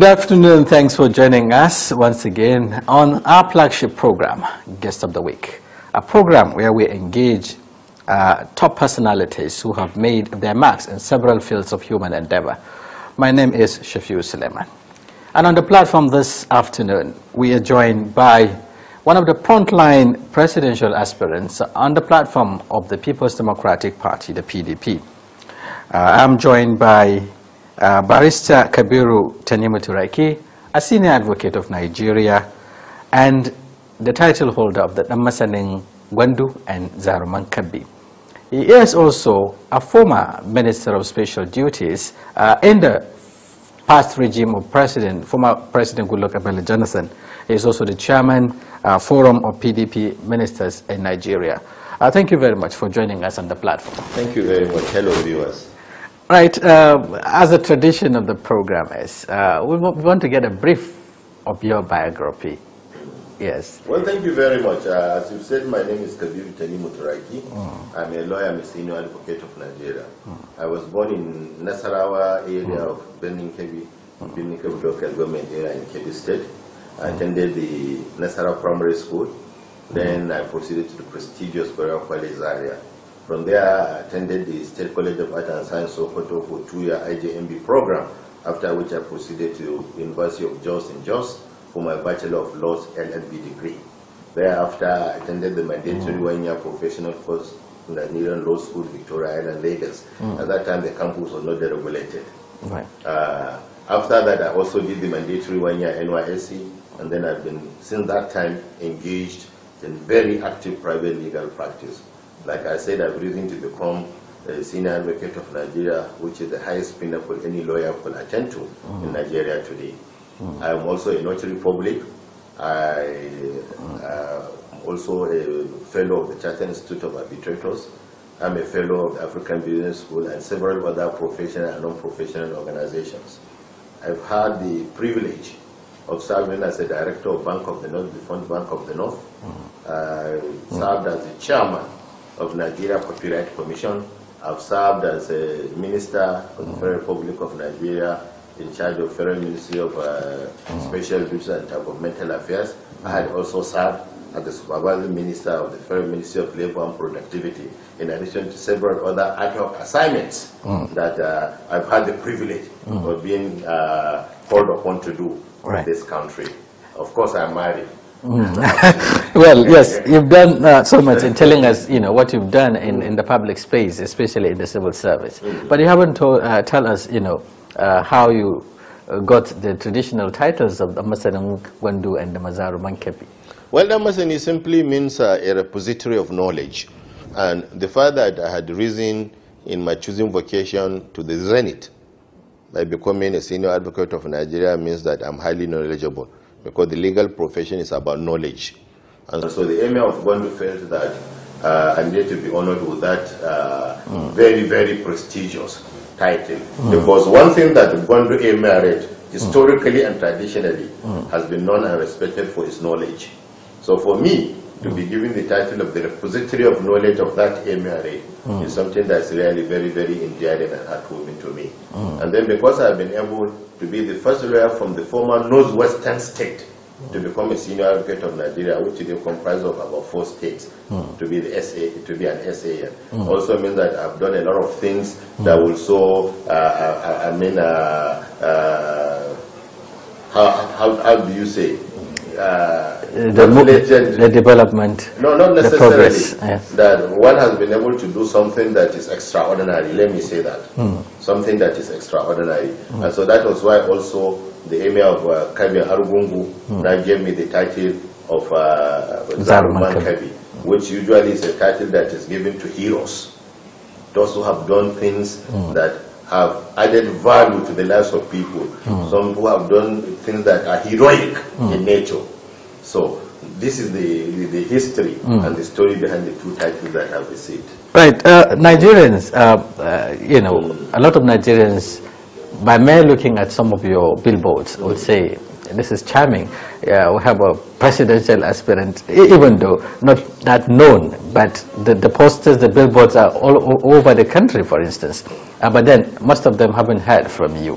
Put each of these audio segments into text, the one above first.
Good afternoon. Thanks for joining us once again on our flagship program, Guest of the Week, a program where we engage uh, top personalities who have made their marks in several fields of human endeavor. My name is Shafiu Suleiman. And on the platform this afternoon, we are joined by one of the frontline presidential aspirants on the platform of the People's Democratic Party, the PDP. Uh, I'm joined by uh, Barrister Kabiru Tanimuturaiki, a senior advocate of Nigeria and the title holder of the Damasaning Gwandu and Zaruman Kabi. He is also a former Minister of Special Duties uh, in the past regime of President, former President Goodluck Abele Jonathan. He is also the chairman uh, forum of PDP ministers in Nigeria. Uh, thank you very much for joining us on the platform. Thank you very much. Hello, viewers. Right, uh, as a tradition of the program is, uh, we, we, want to get a brief of your biography. Yes. Well, thank you very much. Uh, as you said, my name is Kabir Tani Muturaki. Mm. I'm a lawyer, I'm a senior advocate of Nigeria. I was born in Nasarawa area mm. of Benin Kebi, Benin Kebi local government area in Kebi state. I mm. attended the Nasarawa primary school. Then I proceeded to the prestigious Borough College area. From there, I attended the State College of Art and Science Sokoto for two-year IJMB program, after which I proceeded to University of Jos in Jos for my Bachelor of Laws LLB degree. Thereafter, I attended the mandatory mm. one-year professional course in the Nigerian Law School, Victoria Island, Lagos. Mm. At that time, the campus was not deregulated. Right. Uh, after that, I also did the mandatory one-year NYSC, and then I've been, since that time, engaged in very active private legal practice. Like I said, I've risen to become a senior advocate of Nigeria, which is the highest pinnacle any lawyer can attend to mm. in Nigeria today. Mm. I am also a notary public. I uh, also a fellow of the Charter Institute of Arbitrators. I'm a fellow of the African Business School and several other professional and non-professional organizations. I've had the privilege of serving as a director of Bank of the North, the Fund Bank of the North. Mm. I served as the chairman of Nigeria Copyright Commission. I've served as a Minister of the Federal Republic of Nigeria in charge of Federal Ministry of uh, Special Groups and Governmental Affairs. I had also served as the Supervising Minister of the Federal Ministry of Labor and Productivity, in addition to several other ad hoc assignments mm. that uh, I've had the privilege mm. of being uh, called upon to do right. in this country. Of course, I'm married. Mm. well, yes, you've done uh, so much in telling us, you know, what you've done in, in the public space, especially in the civil service. Mm-hmm. But you haven't told uh, tell us, you know, uh, how you uh, got the traditional titles of the Masaran Gwandu and the Mazaru Mankepi. Well, the Masani simply means uh, a repository of knowledge. And the fact that I had risen in my choosing vocation to the zenith by becoming a senior advocate of Nigeria means that I'm highly knowledgeable because the legal profession is about knowledge. And so the Emir of Gondo felt that uh, I need to be honored with that uh, mm. very, very prestigious title. Mm. Because one thing that Gondo Emir read, historically and hmm. traditionally, hmm. has been known and respected for its knowledge. So for me, to be hmm. given the title of the repository of knowledge of that emirate mm. is something that's really very, very endearing and heartwarming to me. Mm. And then because I've been able to be the first lawyer from the former northwestern state to become a senior advocate of Nigeria, which today comprises of about four states, mm. to be the SA, to be an SAN. Mm. Also means that I've done a lot of things mm. that hmm. will so, uh, I, uh, I, mean, uh, uh, how, how, how, do you say? Uh, the, the, development. No, not necessarily. Progress, yes. That one has been able to do something that is extraordinary. Let me say that. Hmm. Something that is extraordinary. Hmm. And so that was why also the emir of uh, Kabi Harugungu mm. now gave me the title of uh, Zaruman Kabi, which usually is a title that is given to heroes, those who have done things mm. that have added value to the lives of people, hmm. some who have done things that are heroic hmm. in nature. So this is the, the, history hmm. and the story behind the two titles that I've received. Right, uh, Nigerians, uh, uh you know, a lot of Nigerians by mere looking at some of your billboards, I would say this is charming. Yeah, we have a presidential aspirant, even though not that known, but the, the posters, the billboards are all, all over the country, for instance. Uh, but then most of them haven't heard from you.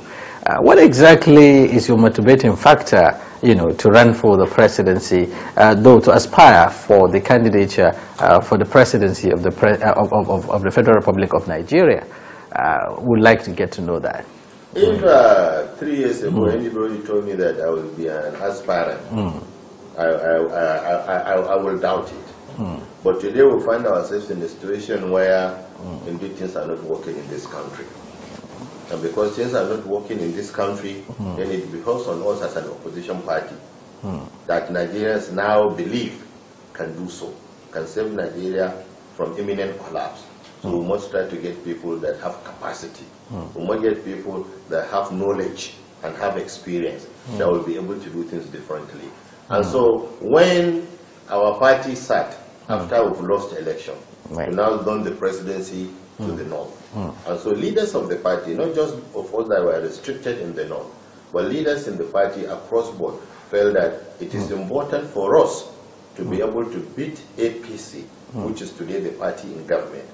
Uh, what exactly is your motivating factor, you know, to run for the presidency, uh, though to aspire for the candidature uh, for the presidency of the, pre uh, of, of, of the Federal Republic of Nigeria? Uh, would like to get to know that. If mm. uh, three years ago mm. anybody told me that I will be an aspirant, mm. I, I, I, I, I, will doubt it. Mm. But today we find ourselves in a situation where mm. indeed things are not working in this country. And because things are not working in this country, mm. then it behoves on us as an opposition party that Nigerians now believe can do so, can save Nigeria from imminent collapse we hmm. must try to get people that have capacity. Mm. We must get people that have knowledge and have experience mm. that will be able to do things differently. And hmm. so when our party sat after hmm. we've lost election, right. we now done the presidency to the north. And so leaders of the party, not just of us that were restricted in the north, but leaders in the party across board felt that it is important for us to be able to beat APC, which is today the party in government,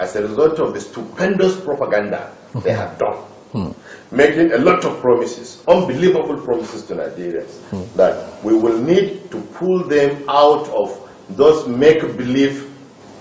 as a result of the stupendous propaganda they have done, hmm. making a lot of promises, unbelievable promises to Nigerians, hmm. that we will need to pull them out of those make-believe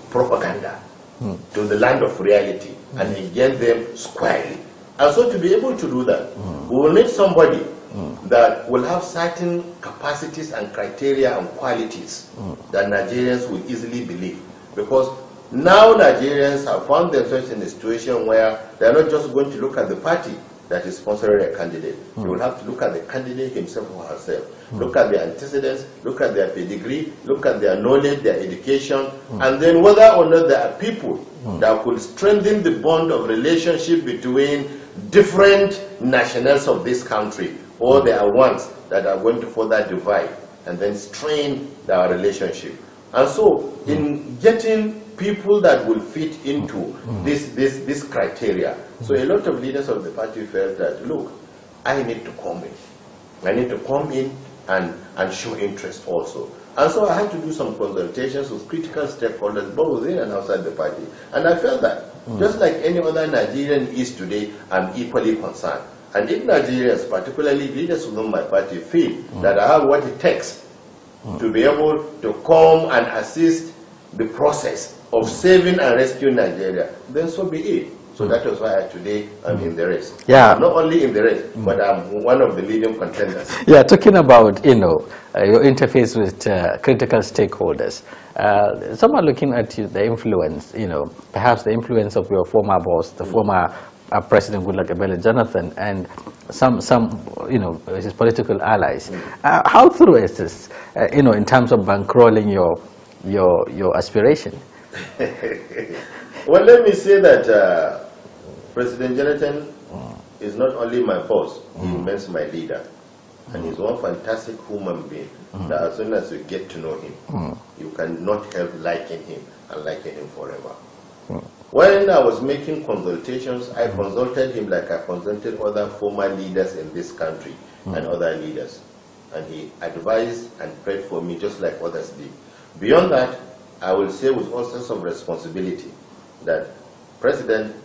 propaganda hmm. to the land of reality hmm. and engage them squarely. And so to be able to do that, hmm. we will need somebody hmm. that will have certain capacities and criteria and qualities that Nigerians will easily believe. Because now Nigerians have found themselves in a situation where they're not just going to look at the party that is sponsoring a candidate. Mm. You will have to look at the candidate himself or herself. Mm. Look at their antecedents, look at their pedigree, look at their knowledge, their education, mm. and then whether or not there are people hmm. that could strengthen the bond of relationship between different nationals of this country, or there are ones that are going to further divide and then strain their relationship. And so, in hmm. getting people that will fit into this, this, this criteria. So a lot of leaders of the party felt that, look, I need to come in. I need to come in and, and show interest also. And so I had to do some consultations with critical stakeholders, both within and outside the party. And I felt that, just like any other Nigerian is today, I'm equally concerned. And if Nigerians, particularly leaders within my party, feel that I have what it takes to be able to come and assist the process of saving and rescuing Nigeria, then so be it. So hmm. that was why I, today I'm hmm. in the race. Yeah. I'm not only in the race, hmm. but I'm one of the leading contenders. Yeah, talking about, you know, uh, your interface with uh, critical stakeholders. Uh, some are looking at you, the influence, you know, perhaps the influence of your former boss, the mm former uh, President Goodluck Abele Jonathan, and some, some, you know, his political allies. Mm how through is this, uh, you know, in terms of bankrolling your, your, your aspiration? well, let me say that uh, President Jonathan is not only my boss, he mm. remains my leader. And he's one fantastic human being mm. that as soon as you get to know him, mm. you cannot help liking him and liking him forever. When I was making consultations, I consulted him like I consulted other former leaders in this country and other leaders. And he advised and prayed for me just like others did. Beyond that, I will say with all sense of responsibility that President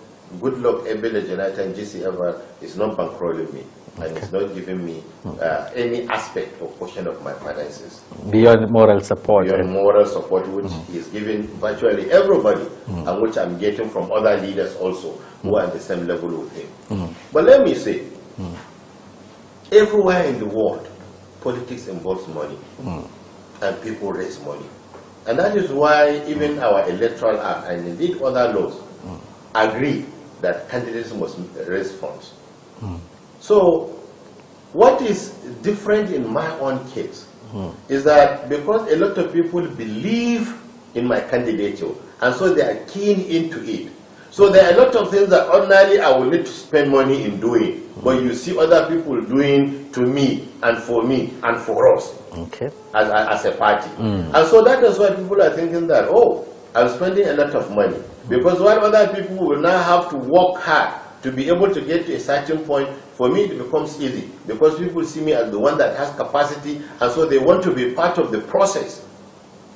Goodluck Ebele Jonathan ever is not bankrolling me okay. and is not giving me uh, any aspect or portion of my finances. Beyond moral support. Beyond eh? moral support, which mm is given virtually everybody mm and which I'm getting from other leaders also mm who are at the same level with him. Mm. But let me say, mm. everywhere in the world, politics involves money mm. and people raise money. And that is why even our electoral act uh, and indeed other laws mm. agree that candidates must raise funds. Mm. So what is different in my own case mm. is that because a lot of people believe in my candidature and so they are keen into it. So there are a lot of things that ordinarily I would need to spend money in doing, but you see other people doing to me and for me and for us okay. as, as a party. Mm. And so that is why people are thinking that, oh, I'm spending a lot of money. Hmm. Because while other people will now have to work hard to be able to get to a certain point, for me it becomes easy. Because people see me as the one that has capacity, and so they want to be part of the process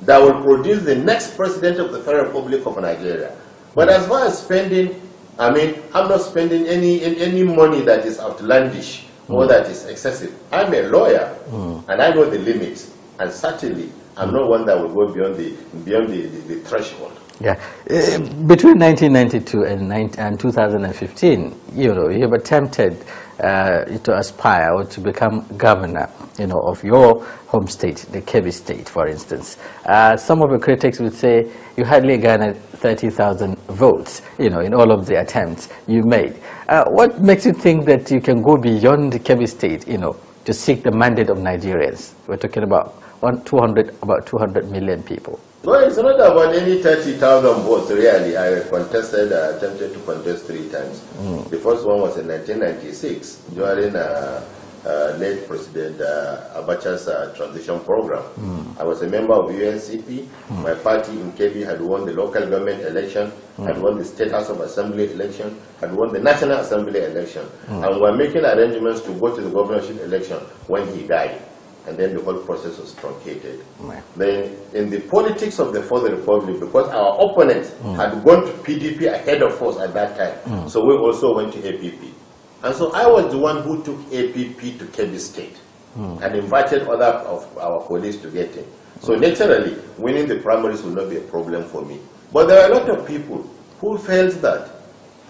that will produce the next president of the Federal Republic of Nigeria. But as far as spending, I mean, I'm not spending any, any money that is outlandish. All mm. that is excessive. I'm a lawyer mm. and I know the limits, and certainly I'm mm. not one that will go beyond the, beyond the, the, the threshold. Yeah. Uh, between 1992 and, 19, and 2015, you know, you were tempted uh, to aspire or to become governor, you know, of your home state, the Kebbi state, for instance. Uh, some of the critics would say you hardly garnered 30,000 votes, you know, in all of the attempts you made. Uh, what makes you think that you can go beyond the Kebbi State, you know, to seek the mandate of Nigerians? We're talking about one, 200, about 200 million people. Well, it's not about any 30,000 votes, really. I contested, I uh, attempted to contest three times. Mm. The first one was in 1996 during uh, uh, late President uh, Abacha's uh, transition program. Mm. I was a member of UNCP. Mm. My party in KB had won the local government election, hmm. had won the State House of Assembly election, had won the National Assembly election. Hmm. And we're making arrangements to go to the governorship election when he died and then the whole process was truncated. Mm. Then, in the politics of the Fourth Republic, because our opponents mm. had gone to PDP ahead of us at that time, mm. so we also went to APP. And so I was the one who took APP to Kebbi State hmm. and invited other of our colleagues to get in. So naturally, winning the primaries will not be a problem for me. But there are a lot of people who felt that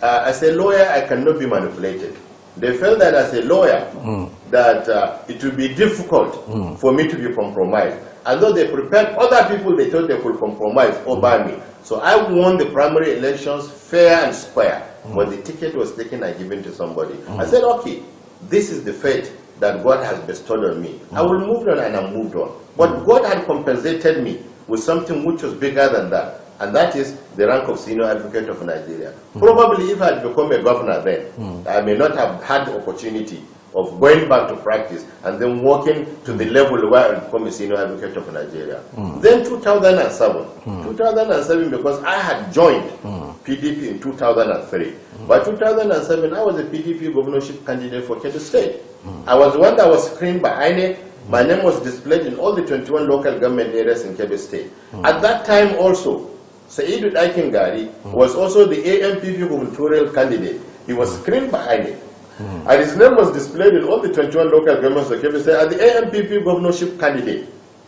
uh, as a lawyer, I cannot be manipulated. They felt that as a lawyer, mm. that uh, it would be difficult mm. for me to be compromised. And though they prepared other people, they thought they could compromise over hmm. me. So I won the primary elections fair and square mm. when the ticket was taken and given to somebody, mm. I said, okay, this is the fate that God has bestowed on me. I will move on and I moved on. But mm. God had compensated me with something which was bigger than that and that is the rank of senior advocate of Nigeria. Mm Probably if I had become a governor then, mm I may not have had the opportunity of going back to practice and then working to the level where I become a senior advocate of Nigeria. Mm. Then 2007, mm. 2007 because I had joined mm. PDP in 2003. Hmm. By 2007, I was a PDP governorship candidate for Kedu State. Hmm. I was the one that was screened by INE. My name was displayed in all the 21 local government areas in Kedu State. Hmm. At that time also, Saidu Aikengari was also the AMPP gubernatorial candidate. He was screened by INE. Mm. And his name was displayed in all the 21 local governments of Kebbi State as the AMPP governorship candidate.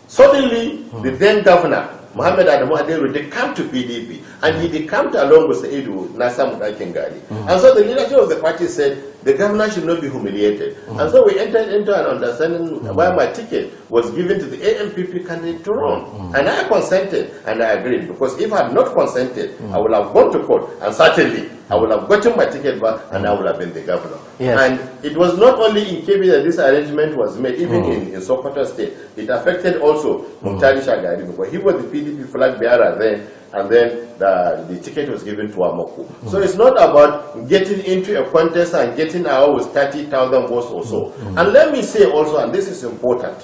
Suddenly, mm. the then governor, Mohammed Adamu Aderu, they come to PDP. And he decamped along with Edu Nasa Mudakin Gali. Mm -hmm. And so the leadership of the party said the governor should not be humiliated. Mm -hmm. And so we entered into an understanding mm -hmm. where my ticket was given to the AMPP candidate to run. Mm-hmm. And I consented and I agreed because if I had not consented, mm-hmm. I would have gone to court and certainly I would have gotten my ticket back and I mm-hmm. would have been the governor. Yes. And it was not only in Kebbi that this arrangement was made, even mm. in, in Sokoto State. It affected also Muntari mm. Shagari because he was the PDP flag bearer then, and then the uh, the ticket was given to Amoko. Mm. So it's not about getting into a contest and getting out with 30,000 votes or so. Mm. And let me say also, and this is important,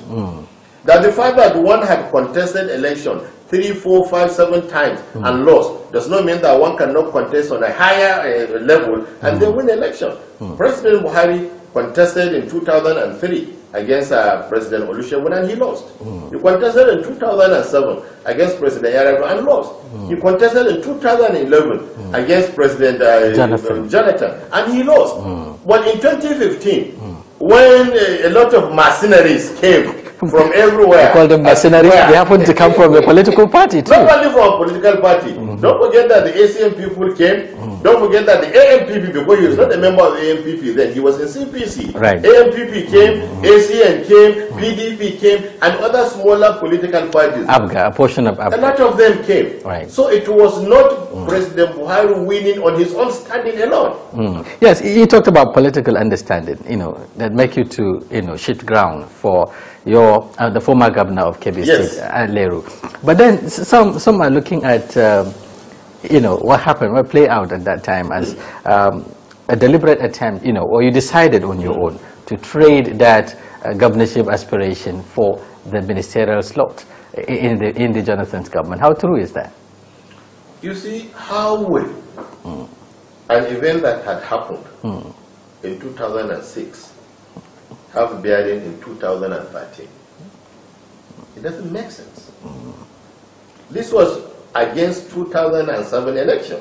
that the fact that one had contested election three, four, five, seven times and lost does not mean that one cannot contest on a higher uh, level and then win election. President Buhari contested in 2003 against uh, President Olusegun and he lost. Mm. He contested in 2007 against President Yaradu and lost. Mm. He contested in 2011 mm. against President uh, Jonathan. Jonathan. and he lost. Hmm. But in 2015, hmm. when uh, a lot of mercenaries came from everywhere. we call them mercenaries. They happen to come from a political party too. Not only from a political party. Mm -hmm. Don't forget that the ACM people came. Mm -hmm. Don't forget that the AMPP, because he was not a member of the AMPP then, he was in CPC. Right. AMPP came, mm -hmm. came, PDP mm-hmm. came, and other smaller political parties. ABGA, a portion of ABGA. A lot of them came. Right. So it was not mm. President Buhari winning on his own standing alone. Mm. Yes, he talked about political understanding, you know, that make you to, you know, shift ground for your uh, the former governor of Kebbi yes. State, uh, Leru. But then some some are looking at um, you know what happened, what played out at that time as um, a deliberate attempt, you know, or you decided on your own to trade that uh, governorship aspiration for the ministerial slot in the in the Jonathan's government. How true is that? You see how will mm. an event that had happened mm. in 2006 have bearing in 2013. It doesn't make sense. Mm. This was against 2007 election.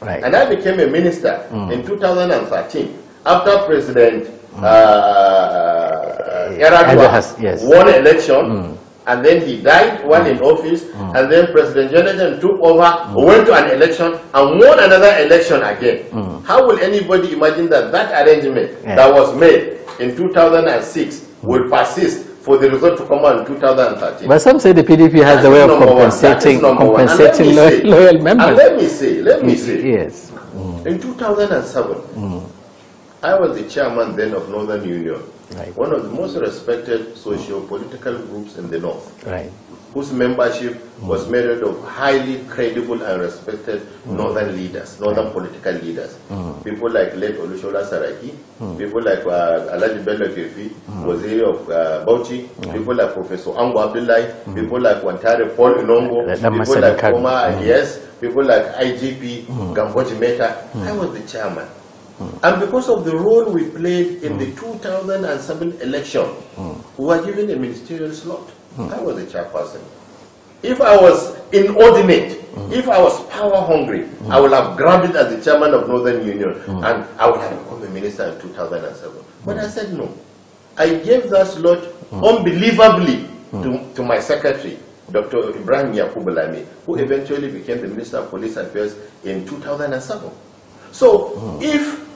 Right. And I became a minister mm. in 2013 after President mm. uh, eh, Erdogan yes. won election. Mm and then he died while in mm. office, mm. and then President Jonathan took over, mm. went to an election, and won another election again. How will anybody imagine that that arrangement yeah. that was made in 2006 will persist for the result to come out in 2013. But some say the PDP has that a way of compensating, compensating loyal, loyal members. And let me say, let me say, yes. Mm. in 2007, mm. I was the chairman then of Northern Union, right. one of the most respected socio-political groups in the North, right. whose membership mm. was made up of highly credible and respected mm. Northern leaders, Northern right. political leaders. Mm. People like late Olushola Saraki, mm. people like uh, Alaji Bello Kefi, mm. Waziri of uh, Bauchi, people like Professor Ango Abdullahi, mm. people like Wantare Paul Nongo, people like Omar Yes, people like IGP, mm. Gamboji Meta. I was the chairman. Mm. And because of the role we played in mm. the hmm. 2007 election, mm. we were given a ministerial slot. Hmm. I was a chairperson. If I was inordinate, hmm. if I was power hungry, I would have grabbed it as the chairman of Northern Union and I would have become a minister in 2007. But I said no. I gave that slot unbelievably to, to my secretary, Dr. Ibrahim Yakubulami, who eventually became the Minister of Police Affairs in 2007. So if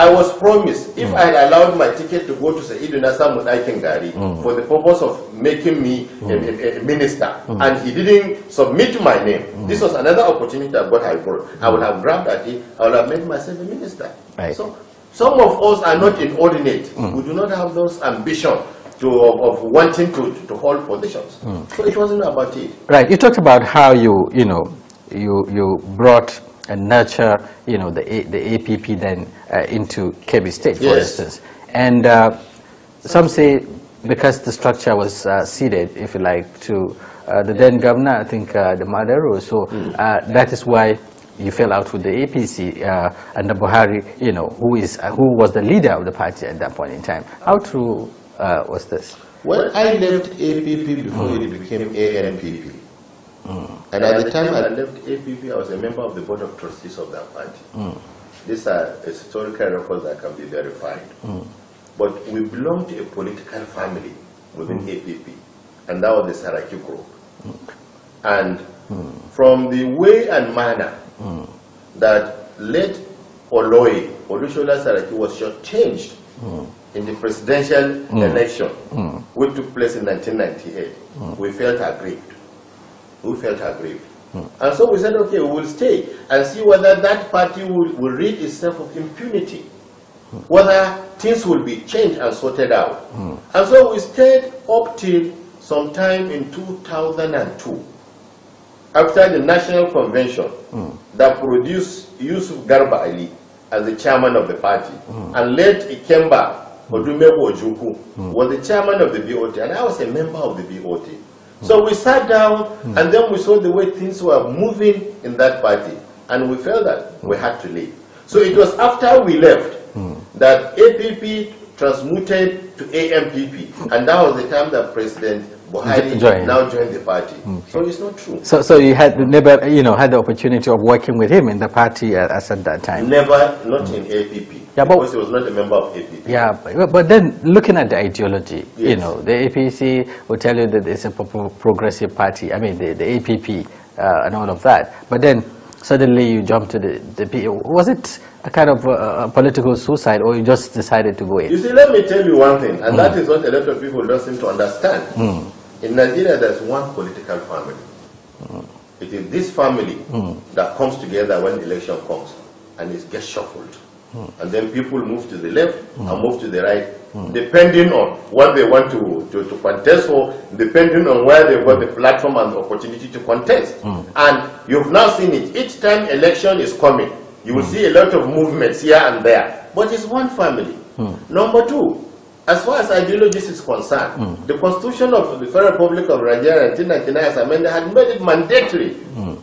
I was promised if mm. I allowed my ticket to go to Sa'idu Nasser Mudaikin Gari mm. for the purpose of making me mm. a, a, a, minister mm. and he didn't submit my name, mm. this was another opportunity I got. I got. I would have grabbed at it, I would have made myself a minister. Right. So some of us are not inordinate. Mm. We do not have those ambition to, of, of, wanting to, to hold positions. So it wasn't about it. Right. You talked about how you, you know, you, you brought and nurture, you know, the, A, the APP then uh, into KB State, for yes. instance. And uh, some say because the structure was uh, ceded, if you like, to uh, the then governor, I think uh, the Madaro. So hmm. uh, that is why you fell out with the APC uh, the Buhari, you know, who is who was the leader of the party at that point in time. How true was this? Well, I left APP before mm. it became ANPP. Mm. And at the time I left APP, I was a member of the board of trustees of that party. Mm. These are historical records that can be verified. Mm. But we belong to a political family within mm. APP, and that was the Saraki group. Mm. And mm. from the way and manner that late Oloi, Olushola Saraki was shortchanged in the presidential election, which took place in 1998, we felt aggrieved who felt aggrieved. Mm. And so we said, okay, we will stay and see whether that party will, will rid itself of impunity, mm. whether things will be changed and sorted out. Mm. And so we stayed up till sometime in 2002, after the national convention that produced Yusuf Garba Ali as the chairman of the party, and late Ikemba Odumebo Ojuku was the chairman of the BOT, and I was a member of the BOT. So we sat down and then we saw the way things were moving in that party. And we felt that we had to leave. So it was after we left that APP transmuted to AMPP. And that was the time that President Buhari joined. now joined the party. Okay. So it's not true. So, so you had never, you know, had the opportunity of working with him in the party at, at that time. Never, not mm. in APP. Yeah, but, because he was not a member of APP. Yeah, but, but then looking at the ideology, yes. you know, the APC will tell you that it's a pro progressive party. I mean, the, the APP uh, and all of that. But then suddenly you jump to the, the P. Was it a kind of uh, a political suicide or you just decided to go in? You see, let me tell you one thing, and mm. that hmm. is what a lot of people don't seem to understand. Mm. In Nigeria, there's one political family. Mm. It is this family mm. that comes together when election comes and it gets shuffled. Mm. And then people move to the left and hmm. move to the right, hmm. depending on what they want to, to, to, contest for, depending on where they want the platform and the opportunity to contest. Hmm. And you've now seen it. Each time election is coming, you will see a lot of movements here and there. But it's one family. Number two, as far as ideologies is concerned, mm. the constitution of the Federal Republic of Nigeria in 1999 as amended had made it mandatory mm.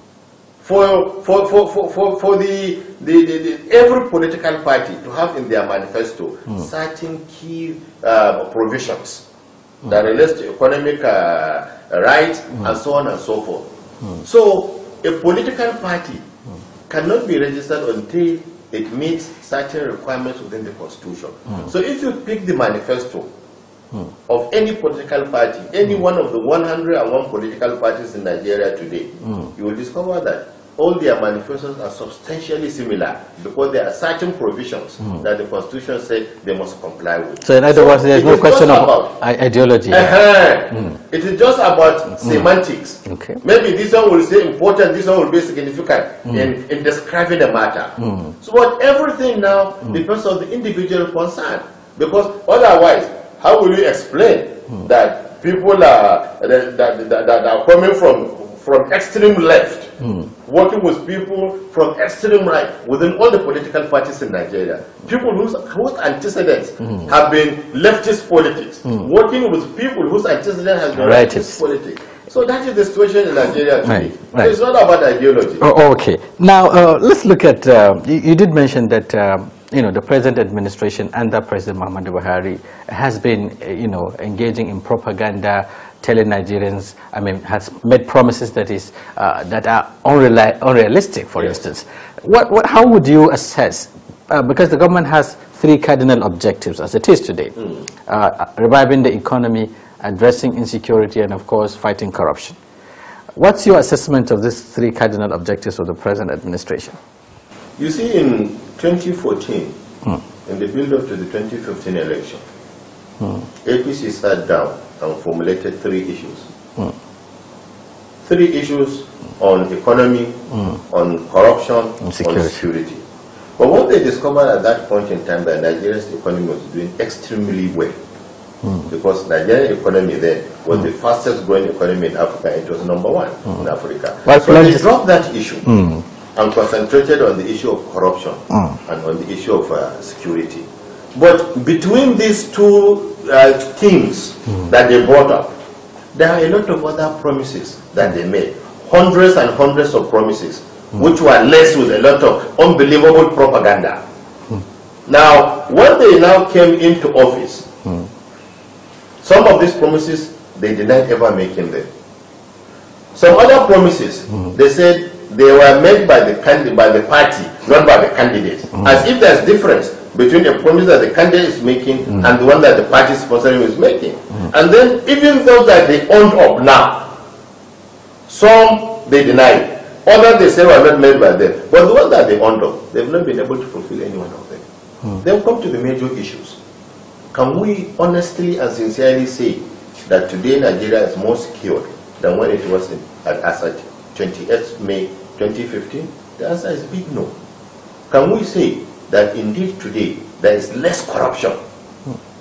for, for, for, for, for, for the, the, the, the, every political party to have in their manifesto mm. certain key uh, provisions hmm. that relates to economic uh, rights hmm. and so on and so forth. Hmm. So a political party cannot be registered until it meets certain requirements within the constitution. Mm. So if you pick the manifesto mm. of any political party, any mm. one of the 101 political parties in Nigeria today, hmm. you will discover that all their manifestations are substantially similar because there are certain provisions mm. that the Constitution said they must comply with. So in other so words, there's no question of ideology. Uh -huh. mm. It is just about hmm. semantics. Okay. Maybe this one will say important, this one will be significant hmm. in, in describing the matter. Hmm. So what everything now depends on the individual concern because otherwise, how will you explain that people are, that, that, that, that are coming from from extreme left, mm. working with people from extreme right within all the political parties in Nigeria. People whose, whose antecedents mm. have been leftist politics, mm. working with people whose antecedent has been rightist leftist politics. So that is the situation in Nigeria today. Right, right. it's not about ideology. Oh, oh, okay. Now, uh, let's look at, uh, you, you, did mention that uh, you know, the present administration under President Muhammad Buhari has been, uh, you know, engaging in propaganda telling Nigerians, I mean, has made promises that is uh, that are unrealistic. For yes. instance, what, what, how would you assess? Uh, because the government has three cardinal objectives as it is today: mm. uh, reviving the economy, addressing insecurity, and of course, fighting corruption. What's your assessment of these three cardinal objectives of the present administration? You see, in 2014, mm. in the build-up to the 2015 election, mm. APC sat down and formulated three issues. Mm. Three issues on economy, mm. on corruption, and security. on security. But what they discovered at that point in time that Nigeria's economy was doing extremely well. Mm. Because Nigeria's economy then was the hmm. fastest growing economy in Africa. It was number one in hmm. Africa. But so they dropped that issue hmm. and concentrated on the issue of corruption and on the issue of uh, security. But between these two uh, things mm. that they brought up, there are a lot of other promises that they made. Hundreds and hundreds of promises, mm. which were laced with a lot of unbelievable propaganda. Mm. Now, when they now came into office, hmm. some of these promises, they denied ever making them. Some other promises, hmm. they said they were made by the, by the party, not by the candidate. Hmm. As if there's difference between the promise that the candidate is making mm. and the one that the party sponsoring is making. Mm. And then even those that they owned up now, some they deny, others they say were not made by them. But the ones that they owned up, they've not been able to fulfill any one of them. Mm. Then come to the major issues. Can we honestly and sincerely say that today Nigeria is more secure than when it was in, as at 28th May 2015? The answer is big no. Can we say that indeed today there is less corruption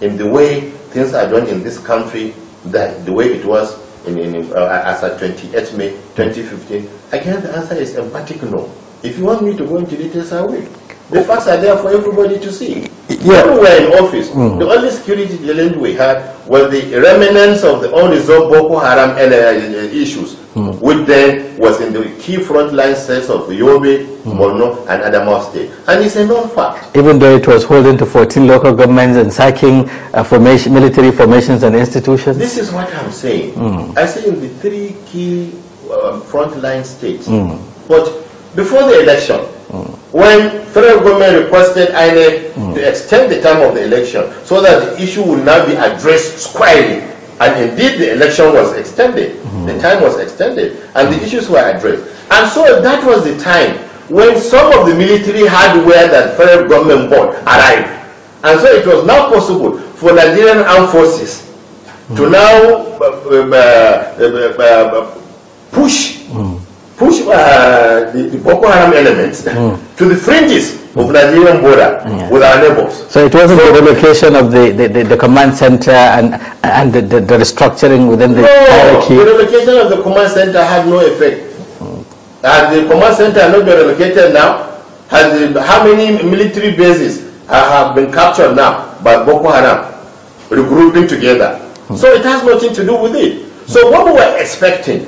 in the way things are done in this country than the way it was in, in, uh, as at 28 May 2015? Again, the answer is emphatic no. If you want me to go into details, I will. The facts are there for everybody to see. Yeah. When we were in office, mm. the only security challenge we had was the remnants of the unresolved Boko Haram issues Mm. then was in the key frontline states of Yobe, mm. Borno, and Adamawa State. And it's a known fact. Even though it was holding to 14 local governments and sacking uh, formation, military formations and institutions? This is what I'm saying. Mm. I say in the three key um, frontline states. Mm. But before the election, hmm. when federal government requested INEC to hmm. extend the time of the election so that the issue would now be addressed squarely and indeed, the election was extended. Mm -hmm. The mm-hmm. time was extended. And the mm-hmm. issues were addressed. And so that was the time when some of the military hardware that federal government bought arrived. And so it was now possible for Nigerian armed forces mm -hmm. to mm-hmm. now uh, um, uh, um, uh, um, uh, push mm -hmm push uh, the, the, Boko Haram elements mm. to the fringes of Nigerian border yeah. with our neighbors. So it wasn't so, the relocation of the, the, the, the, command center and, and the, the, the restructuring within the no, the relocation of the command center had no effect. Mm. And the command center has not been relocated now. Has how many military bases have been captured now by Boko Haram, regrouping together? Mm. So it has nothing to do with it. So what we were expecting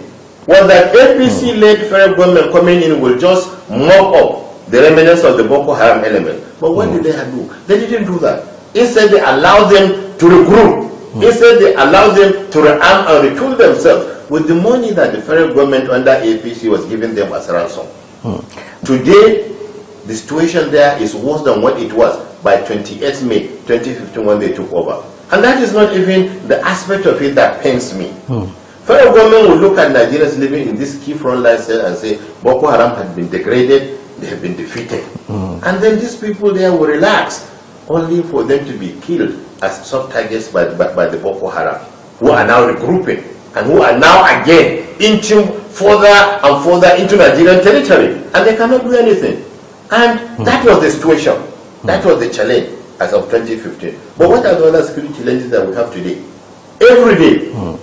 was that APC-led hmm. federal government coming in will just mop up the remnants of the Boko Haram element. But what did hmm. they do? They didn't do that. Instead, they allowed them to regroup. Hmm. Instead, they allowed them to rearm and retool themselves with the money that the federal government under APC was giving them as ransom. Today, the situation there is worse than what it was by 28 May 2015 when they took over. And that is not even the aspect of it that pains me. Federal government will look at Nigerians living in this key frontline cell and say Boko Haram has been degraded, they have been defeated. Mm. And then these people there will relax, only for them to be killed as soft targets by, by, by the Boko Haram, who are now regrouping and who are now again inching further and further into Nigerian territory. And they cannot do anything. And mm. that was the situation. Hmm. That was the challenge as of 2015. But what are the other security challenges that we have today? Every day, mm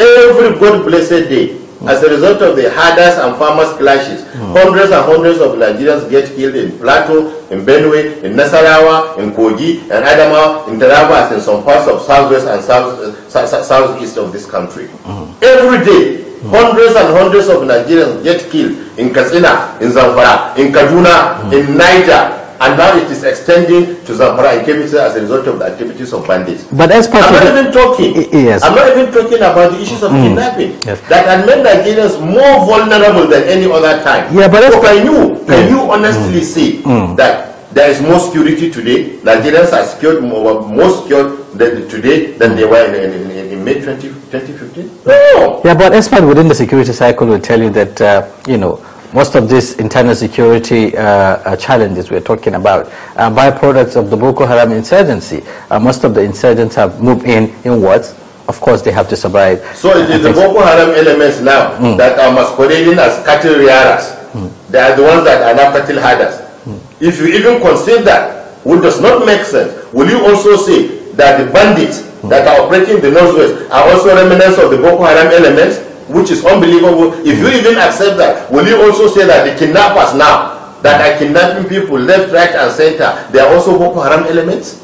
every God blessed day. As a result of the herders and farmers' clashes, hmm. hundreds and hundreds of Nigerians get killed in Plateau, in Benue, in Nasarawa, in Kogi, and Adamawa, in Taraba, and in some parts of southwest and south, uh, southeast of this country. Hmm. Every day, hmm. hundreds and hundreds of Nigerians get killed in Katsina, in Zamfara, in Kaduna, in Niger, and now it is extending to Zamora and Kebbi as a result of the activities of bandits. But as part I'm not even talking. Yes. I'm not even talking about the issues of mm. kidnapping yes. that had made Nigerians more vulnerable than any other time. Yeah, but so can you can you honestly mm. say mm. that there is more security today. Nigerians are secured more, more secured than, today than they were in, in, in, in May 20, 2015. No. Yeah, but expert within the security cycle will tell you that uh, you know most of these internal security uh, uh, challenges we're talking about are byproducts of the Boko Haram insurgency. Uh, most of the insurgents have moved in in what? Of course, they have to survive. So it is the Boko Haram elements now mm. that are masquerading as cattle rearers. Mm. They are the ones that are now cattle herders. Mm. If you even consider that, which does not make sense, will you also say that the bandits hmm. that are operating in the northwest are also remnants of the Boko Haram elements? which is unbelievable. If you even accept that, will you also say that the kidnappers now that are kidnapping people left, right, and center, they are also Boko Haram elements?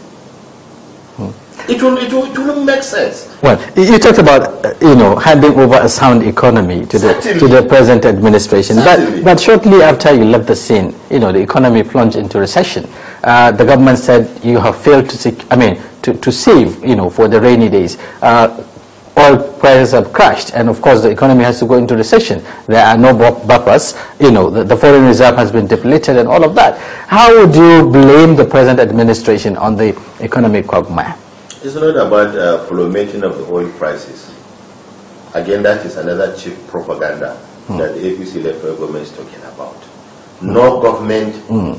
Hmm. It will, it will, it will make sense. Well, you talked about you know handing over a sound economy to the to the present administration, but but shortly after you left the scene, you know the economy plunged into recession. Uh, the government said you have failed to sec- I mean to, to save you know for the rainy days. Uh, oil prices have crashed, and of course the economy has to go into recession. There are no buffers. You know, the, the foreign reserve has been depleted and all of that. How would you blame the present administration on the economic quagmire? It's not about uh, plummeting of the oil prices. Again, that is another cheap propaganda hmm. that the APC left government is talking about. Hmm. No government hmm.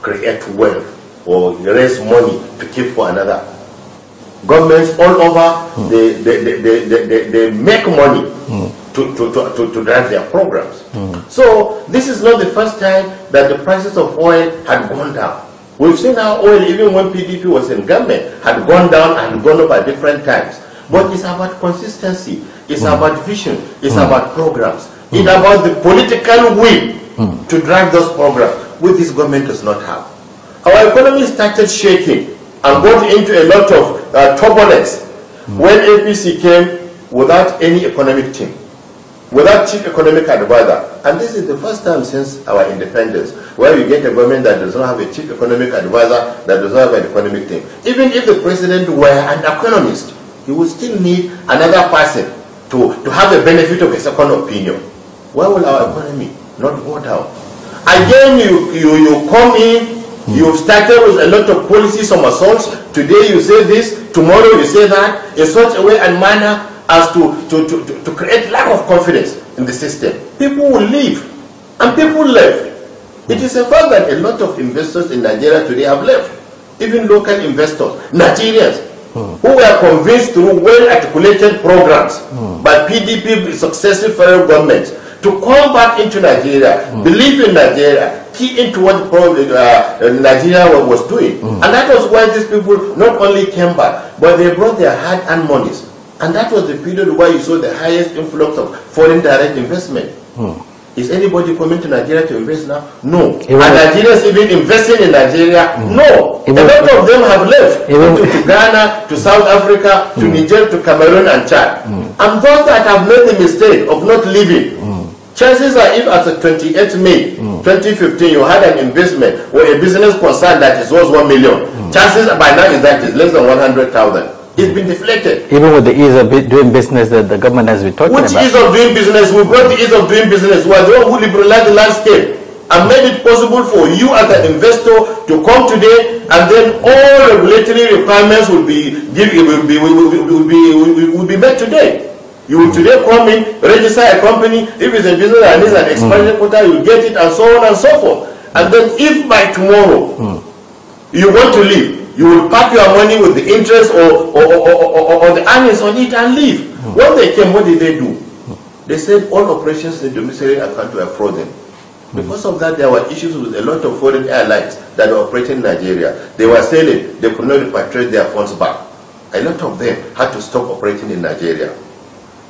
create wealth or raise money to keep for another governments all over, mm. they, they, they, they, they, they, make money mm. to, to, to, to, drive their programs. Mm. So this is not the first time that the prices of oil had gone down. We've seen how oil, even when PDP was in government, had gone down and gone up at different times. But hmm. it's about consistency, it's hmm. about vision, it's hmm. about programs, it's about the political will to drive those programs, which this government does not have. Our economy started shaking and got into a lot of uh, turbulence mm. when APC came without any economic team, without chief economic advisor. And this is the first time since our independence where we get a government that does not have a chief economic advisor, that does not have an economic team. Even if the president were an economist, he would still need another person to, to have the benefit of a second opinion. Why will our economy not go down? Again, you, you, you come in You've started with a lot of policy somersaults. Today you say this, tomorrow you say that, in such a way and manner as to, to, to, to create lack of confidence in the system. People will leave, and people left. It is a fact that a lot of investors in Nigeria today have left, even local investors, Nigerians, mm. who were convinced through well-articulated programs mm. by PDP successive federal governments to come back into Nigeria, mm. believe in Nigeria, key into what uh, uh, Nigeria was doing. Mm. And that was why these people not only came back, but they brought their hard earned monies. And that was the period where you saw the highest influx of foreign direct investment. Mm. Is anybody coming to Nigeria to invest now? No. Even Are Nigerians even investing in Nigeria? Mm. No. Even a lot of them have left to, to, Ghana, to South Africa, to mm. Niger, to Cameroon and Chad. Hmm. And those that have made the mistake of not leaving Chances are if as a 28 May mm. 2015 you had an investment or a business concern that is worth 1 million, mm. chances by now is that it's less than 100,000. It's been deflected. Even with the ease of doing business that the government has been talking Which about. Which ease of doing business? We got the ease of doing business. We are the one who liberalized the landscape and made it possible for you as an investor to come today and then all regulatory requirements will be, will be, will be, will be, will be, will be met today. You will today come in, register a company, if it's a business that needs an expansion quota, mm. you get it, and so on and so forth. And then if by tomorrow mm. you want to leave, you will pack your money with the interest or, or, or, or, or the earnings on it and leave. Mm. When they came, what did they do? They said all operations in the domiciliary account were frozen. Because of that, there were issues with a lot of foreign airlines that were operating in Nigeria. They were selling, they could not repatriate their funds back. A lot of them had to stop operating in Nigeria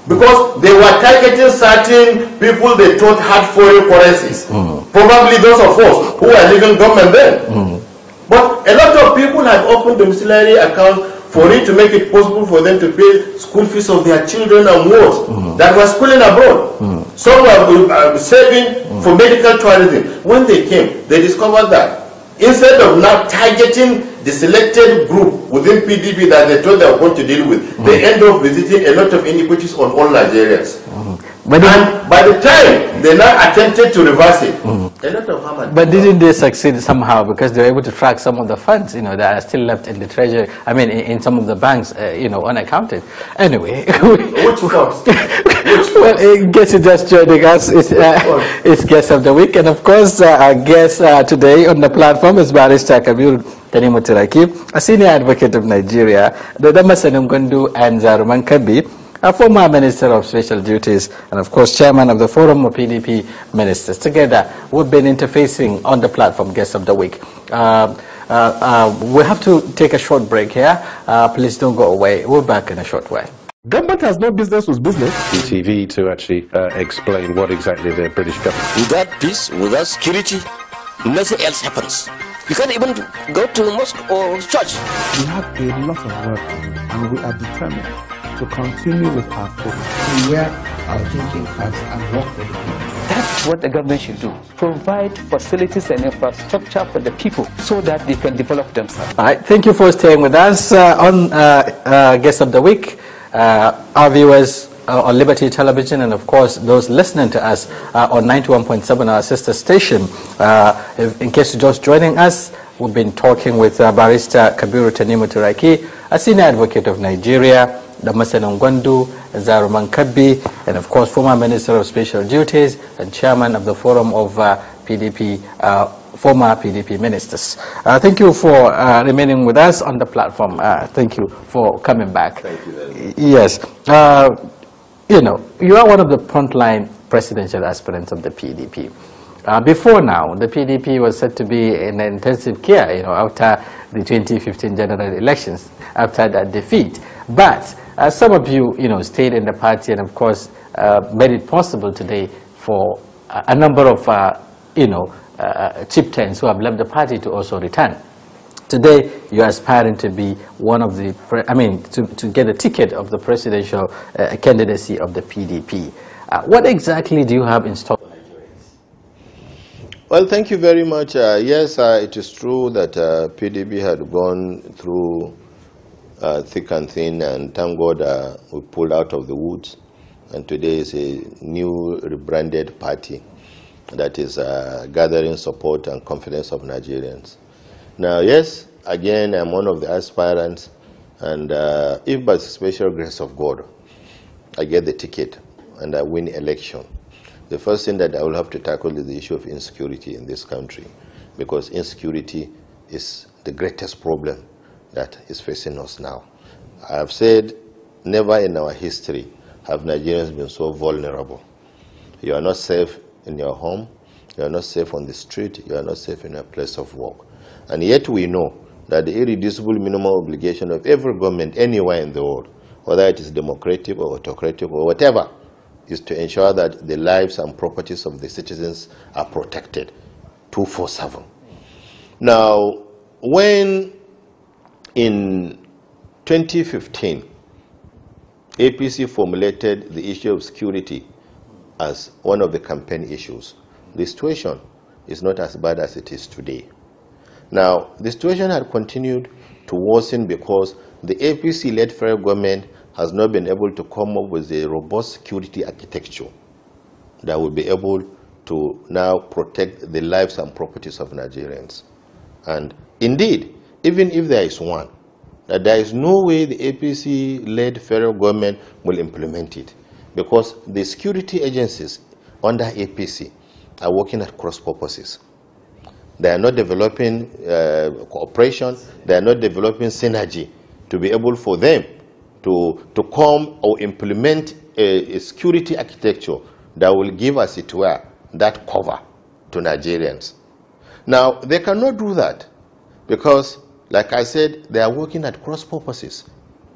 because they were targeting certain people they thought had foreign currencies. Mm. Probably those of us who were living government then. Mm. But a lot of people have opened domiciliary accounts for it to make it possible for them to pay school fees of their children and wards mm. that were schooling abroad. Mm. Some were uh, saving mm. for medical tourism. When they came, they discovered that instead of now targeting the selected group within PDP that they told they were going to deal with, mm. they end up visiting a lot of iniquities on all Nigerians. Mm. But and by the time they now attempted to reverse it, mm. a lot of harm. But didn't they succeed somehow because they were able to track some of the funds, you know, that are still left in the treasury? I mean, in, in some of the banks, uh, you know, unaccounted. Anyway, which funds? well, in case you just joining us, it's, uh, it's guest of the week, and of course, uh, our guest uh, today on the platform is Barrister Kabir Tanimu Turaki, a senior advocate of Nigeria, Dodama Senungundu and Zaruman Kabi, a former Minister of Special Duties and of course Chairman of the Forum of PDP Ministers. Together, we've been interfacing on the platform Guest of the Week. Uh, uh, uh, we have to take a short break here. Uh, please don't go away. We're back in a short while. Government has no business with business. TV to actually uh, explain what exactly the British government. Without peace, without security, nothing else happens. You can't even go to mosque or church. We have a lot of work and we are determined to continue with our focus. Where our thinking has and work with the people. That's what the government should do. Provide facilities and infrastructure for the people so that they can develop themselves. All right, thank you for staying with us uh, on uh, uh, Guest of the Week. Uh, our viewers, uh, on Liberty Television and, of course, those listening to us uh, on 91.7, our sister station. Uh, if, in case you're just joining us, we've been talking with uh, Barrister Kabiru Tanimu Turaki, a senior advocate of Nigeria, Damasen Ngwandu, Zaruman Kabi, and, of course, former Minister of Special Duties and Chairman of the Forum of PDP uh, uh, former PDP ministers. Uh, thank you for uh, remaining with us on the platform. Uh, thank you for coming back. Thank you. Yes you know, you are one of the frontline presidential aspirants of the PDP. Uh, before now, the PDP was said to be in intensive care, you know, after the 2015 general elections, after that defeat. But uh, some of you, you know, stayed in the party and, of course, uh, made it possible today for a, a number of, uh, you know, uh, uh, chieftains who have left the party to also return. Today, you're aspiring to be one of the, I mean, to, to get a ticket of the presidential uh, candidacy of the PDP. Uh, what exactly do you have in store? Well, thank you very much. Uh, yes, uh, it is true that PDP uh, had gone through uh, thick and thin, and thank God we pulled out of the woods. And today is a new rebranded party that is gathering support and confidence of Nigerians. Now, yes, again, I'm one of the aspirants, and uh, if by special grace of God, I get the ticket and I win election, the first thing that I will have to tackle is the issue of insecurity in this country, because insecurity is the greatest problem that is facing us now. I have said never in our history have Nigerians been so vulnerable. You are not safe in your home, you are not safe on the street, you are not safe in a place of work. And yet we know that the irreducible minimum obligation of every government anywhere in the world, whether it is democratic or autocratic or whatever, is to ensure that the lives and properties of the citizens are protected 247. Now, when in 2015, APC formulated the issue of security as one of the campaign issues, the situation is not as bad as it is today. Now, the situation had continued to worsen because the APC-led federal government has not been able to come up with a robust security architecture that will be able to now protect the lives and properties of Nigerians. And indeed, even if there is one, that there is no way the APC-led federal government will implement it because the security agencies under APC are working at cross purposes. They are not developing uh, cooperation. They are not developing synergy to be able for them to, to come or implement a, a security architecture that will give, us it were, that cover to Nigerians. Now, they cannot do that because, like I said, they are working at cross purposes.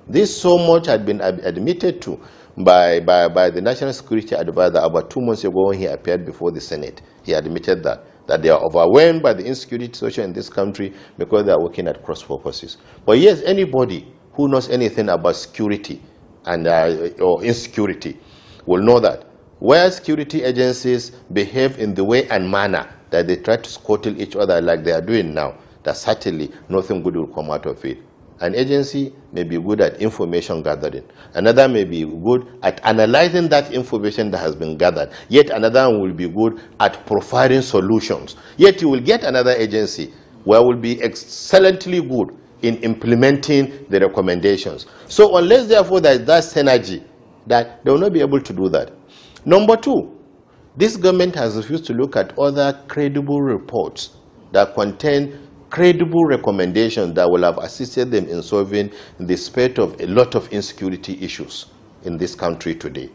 This so much had been admitted to by, by, by the National Security Advisor about two months ago when he appeared before the Senate. He admitted that that they are overwhelmed by the insecurity situation in this country because they are working at cross purposes. But yes, anybody who knows anything about security and uh, or insecurity will know that where security agencies behave in the way and manner that they try to scuttle each other like they are doing now, that certainly nothing good will come out of it. An agency may be good at information gathering. Another may be good at analyzing that information that has been gathered. Yet another will be good at providing solutions. Yet you will get another agency where will be excellently good in implementing the recommendations. So unless therefore there is that synergy, that they will not be able to do that. Number two, this government has refused to look at other credible reports that contain credible recommendations that will have assisted them in solving the spate of a lot of insecurity issues in this country today.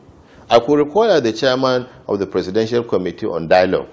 I could recall as the chairman of the Presidential Committee on Dialogue,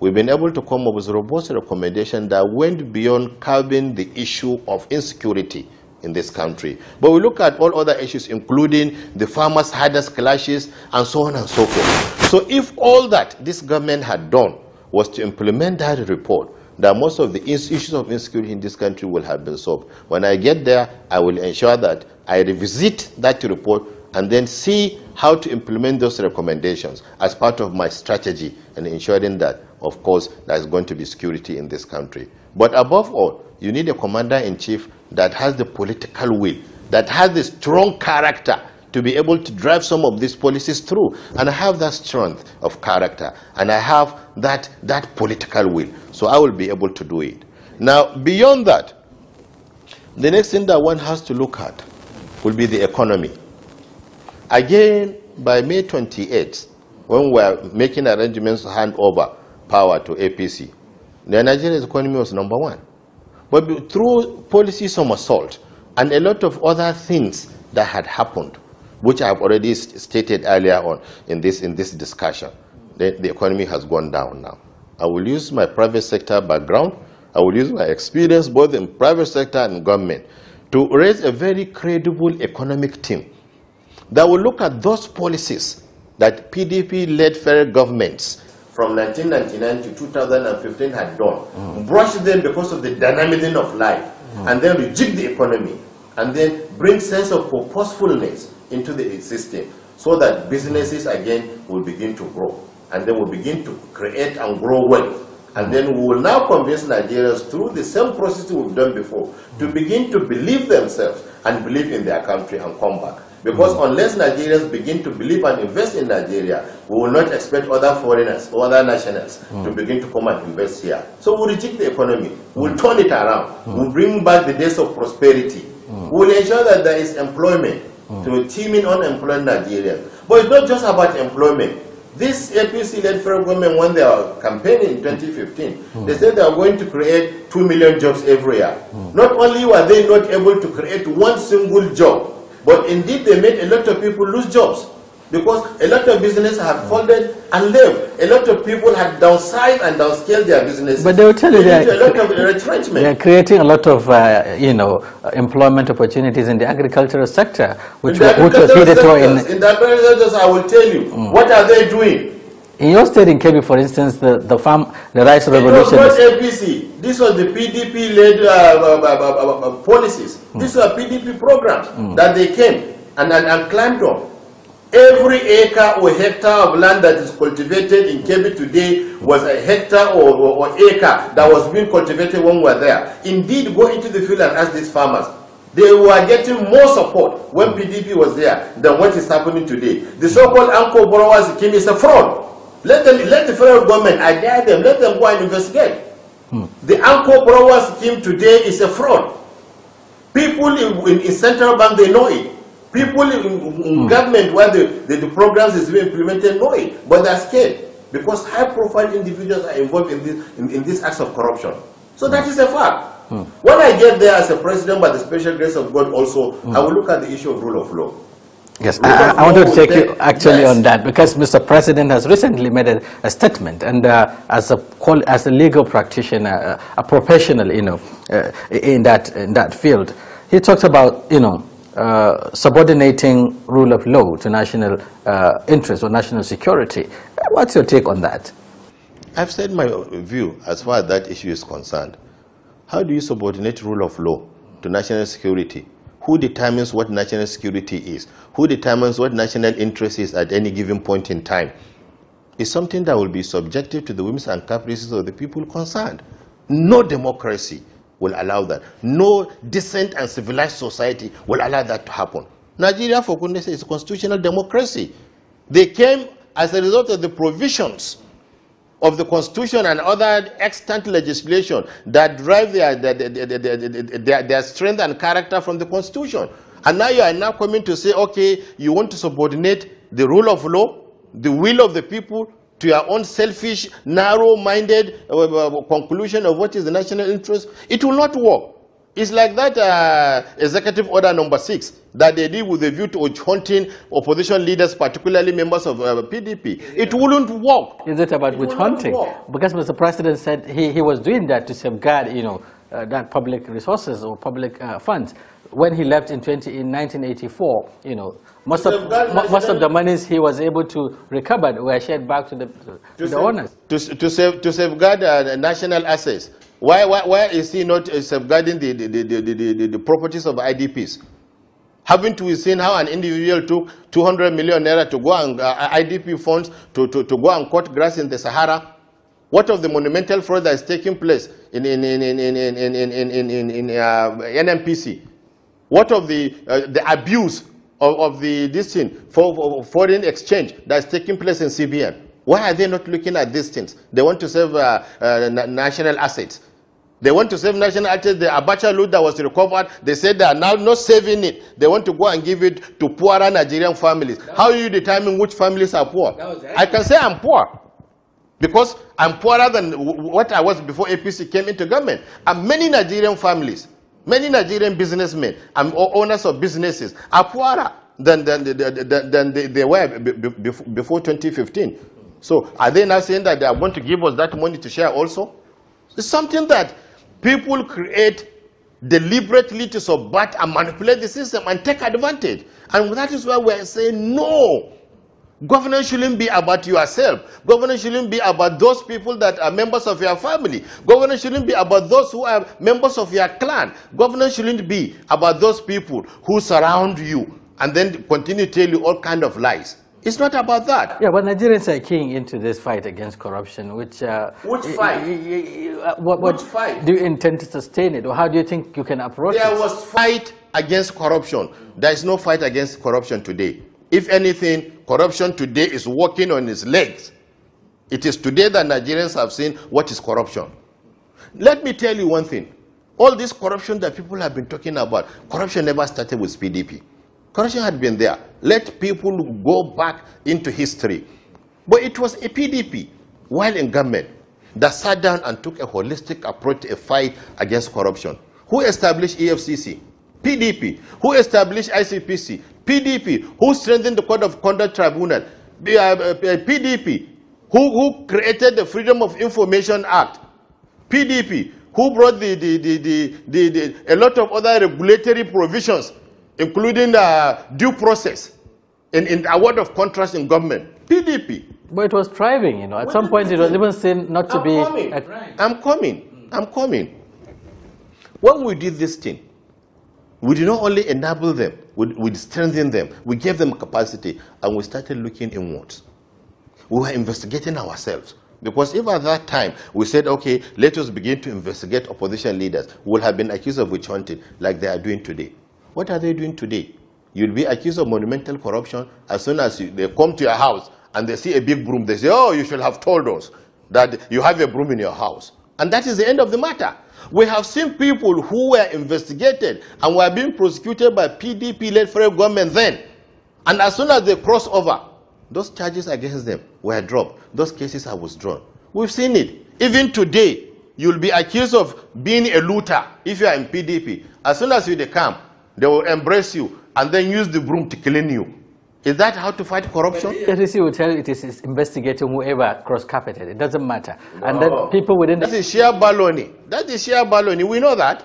we've been able to come up with robust recommendations that went beyond curbing the issue of insecurity in this country. But we look at all other issues, including the farmers' hardest clashes and so on and so forth. So if all that this government had done was to implement that report, that most of the issues of insecurity in this country will have been solved. When I get there, I will ensure that I revisit that report and then see how to implement those recommendations as part of my strategy and ensuring that, of course, there's going to be security in this country. But above all, you need a commander-in-chief that has the political will, that has the strong character to be able to drive some of these policies through. And I have that strength of character, and I have that, that political will. So I will be able to do it. Now, beyond that, the next thing that one has to look at will be the economy. Again, by May 28th, when we are making arrangements to hand over power to APC, the Nigerian economy was number one. But through policy somersault and a lot of other things that had happened, which I've already stated earlier on in this, in this discussion. The, the economy has gone down now. I will use my private sector background, I will use my experience both in private sector and government to raise a very credible economic team that will look at those policies that PDP-led federal governments from 1999 to 2015 had done, mm. brush them because of the dynamism of life, mm. and then rejig the economy, and then bring sense of purposefulness into the system so that businesses again will begin to grow and then will begin to create and grow wealth. And then we will now convince Nigerians through the same process we've done before to begin to believe themselves and believe in their country and come back. Because mm-hmm. unless Nigerians begin to believe and invest in Nigeria, we will not expect other foreigners or other nationals mm. to begin to come and invest here. So we'll reject the economy. We'll mm. turn it around. Mm. We'll bring back the days of prosperity. Mm. We'll ensure that there is employment. Oh. to teaming unemployed Nigerians. But it's not just about employment. This APC-led federal government, when they were campaigning in 2015, mm. they said they are going to create 2 million jobs every year. Mm. Not only were they not able to create one single job, but indeed they made a lot of people lose jobs because a lot of business have folded and left. A lot of people had downsized and downscaled their business. But they were tell you that a lot of retrenchment. They are creating a lot of uh, you know employment opportunities in the agricultural sector, which, were, which was headed in, in the agricultural sector. I will tell you mm. what are they doing. In your state in Kebbi, for instance, the, the farm, the rice revolution. It was not APC. This was the PDP-led uh, uh, uh, uh, policies. Mm. These were PDP programs mm. that they came and, and, and climbed up. Every acre or hectare of land that is cultivated in Kebi today was a hectare or, or, or acre that was being cultivated when we were there. Indeed, go into the field and ask these farmers. They were getting more support when PDP was there than what is happening today. The so-called Anko borrowers scheme is a fraud. Let, them, let the federal government I dare them. Let them go and investigate. Hmm. The Anko borrowers scheme today is a fraud. People in, in, in Central Bank, they know it. People in, in mm. government, where the, the, the programs is being implemented, know it, but they're scared because high-profile individuals are involved in this in, in these acts of corruption. So mm. that is a fact. Mm. When I get there as a president, by the special grace of God, also, hmm. I will look at the issue of rule of law. Yes, I, I, wanted to take you actually yes. on that because Mr. President has recently made a, a statement, and uh, as a as a legal practitioner, uh, a professional, you know, uh, in that in that field, he talks about you know uh, subordinating rule of law to national uh, interest or national security. What's your take on that? I've said my view as far as that issue is concerned. How do you subordinate rule of law to national security? Who determines what national security is? Who determines what national interest is at any given point in time? Is something that will be subjective to the whims and caprices of the people concerned. No democracy will allow that. No decent and civilized society will allow that to happen. Nigeria, for goodness sake, is a constitutional democracy. They came as a result of the provisions of the constitution and other extant legislation that drive their, their, their, their, strength and character from the constitution. And now you are now coming to say, okay, you want to subordinate the rule of law, the will of the people to your own selfish, narrow-minded uh, uh, uh, conclusion of what is the national interest, it will not work. It's like that uh, executive order number six that they did with a view to hunting opposition leaders, particularly members of uh, PDP. Yeah. It wouldn't work. Is it about it witch hunting? Because Mr. President said he, he was doing that to safeguard, you know, uh, that public resources or public uh, funds. When he left in, 20, in 1984, you know, most of, most of the monies he was able to recover were shared back to the, to, to the owners. To, to, save, to safeguard uh, national assets. Why, why, why is he not uh, safeguarding the, the, the, the, the, the, properties of IDPs? Haven't we seen how an individual took 200 million naira to go and uh, IDP funds to, to, to go and cut grass in the Sahara? What of the monumental fraud that is taking place in, in, in, in, in, in, in, in, in, in uh, NMPC? What of the, uh, the abuse of, of the this thing for, for, foreign exchange that's taking place in CBN. Why are they not looking at these things? They want to save uh, uh, national assets. They want to save national assets. The Abacha loot that was recovered, they said they are now not saving it. They want to go and give it to poorer Nigerian families. That How are you determining which families are poor? I can say I'm poor because I'm poorer than what I was before APC came into government. And many Nigerian families Many Nigerian businessmen and owners of businesses are poorer than, than, than, than they, they were before 2015. So are they now saying that they are going to give us that money to share also? It's something that people create deliberately to subvert and manipulate the system and take advantage. And that is why we're saying no Governance shouldn't be about yourself. Governance shouldn't be about those people that are members of your family. Governance shouldn't be about those who are members of your clan. Governance shouldn't be about those people who surround you and then continue to tell you all kind of lies. It's not about that. Yeah, but Nigerians are keying into this fight against corruption, which... Uh, which fight? Uh, what, what, which fight? Do you intend to sustain it, or how do you think you can approach there it? There was fight against corruption. There is no fight against corruption today. If anything, Corruption today is walking on its legs. It is today that Nigerians have seen what is corruption. Let me tell you one thing. All this corruption that people have been talking about, corruption never started with PDP. Corruption had been there. Let people go back into history. But it was a PDP, while in government, that sat down and took a holistic approach to a fight against corruption. Who established EFCC? PDP. Who established ICPC? PDP, who strengthened the Code of Conduct Tribunal, PDP, uh, uh, who, who created the Freedom of Information Act, PDP, who brought the, the, the, the, the, the a lot of other regulatory provisions, including uh, due process in and award of contracts in government, PDP. But it was thriving, you know. At some point, it was even seen not I'm to be. Coming. I'm coming. I'm coming. When we did this thing, we did not only enable them, we, strengthened them, we gave them capacity, and we started looking inwards. We were investigating ourselves. Because if at that time we said, okay, let us begin to investigate opposition leaders, we have been accused of witch hunting like they are doing today. What are they doing today? You'll be accused of monumental corruption as soon as you, they come to your house and they see a big broom. They say, oh, you should have told us that you have a broom in your house. And that is the end of the matter. We have seen people who were investigated and were being prosecuted by PDP-led federal government then. And as soon as they cross over, those charges against them were dropped. Those cases are withdrawn. We've seen it. Even today, you'll be accused of being a looter if you are in PDP. As soon as you decamp, they will embrace you and then use the broom to clean you. Is that how to fight corruption? The will tell you it is investigating whoever cross-carpeted. It doesn't matter. No. And then people within the... That is sheer baloney. That is sheer baloney. We know that.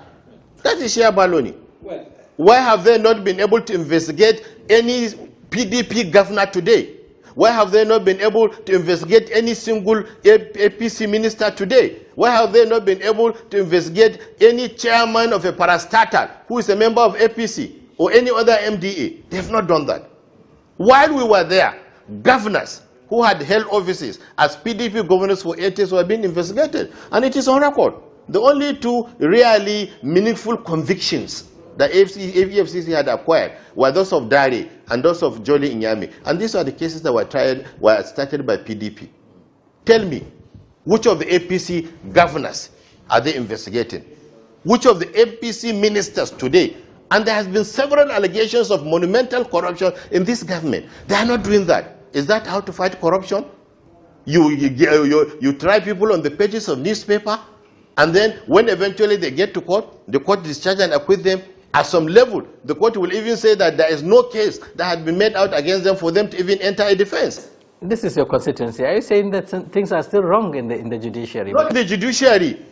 That is sheer baloney. Well, Why have they not been able to investigate any PDP governor today? Why have they not been able to investigate any single APC minister today? Why have they not been able to investigate any chairman of a parastatal who is a member of APC or any other MDA? They have not done that. While we were there, governors who had held offices as PDP governors for eight years were being investigated. And it is on record. The only two really meaningful convictions the AFC, AFCC had acquired were those of Dari and those of Jolly Inyami. And these are the cases that were tried, were started by PDP. Tell me, which of the APC governors are they investigating? Which of the APC ministers today and there has been several allegations of monumental corruption in this government. They are not doing that. Is that how to fight corruption? You, you, you, you try people on the pages of newspaper, and then when eventually they get to court, the court discharge and acquit them. At some level, the court will even say that there is no case that had been made out against them for them to even enter a defense. This is your constituency. Are you saying that things are still wrong in the, in the judiciary? Not the judiciary,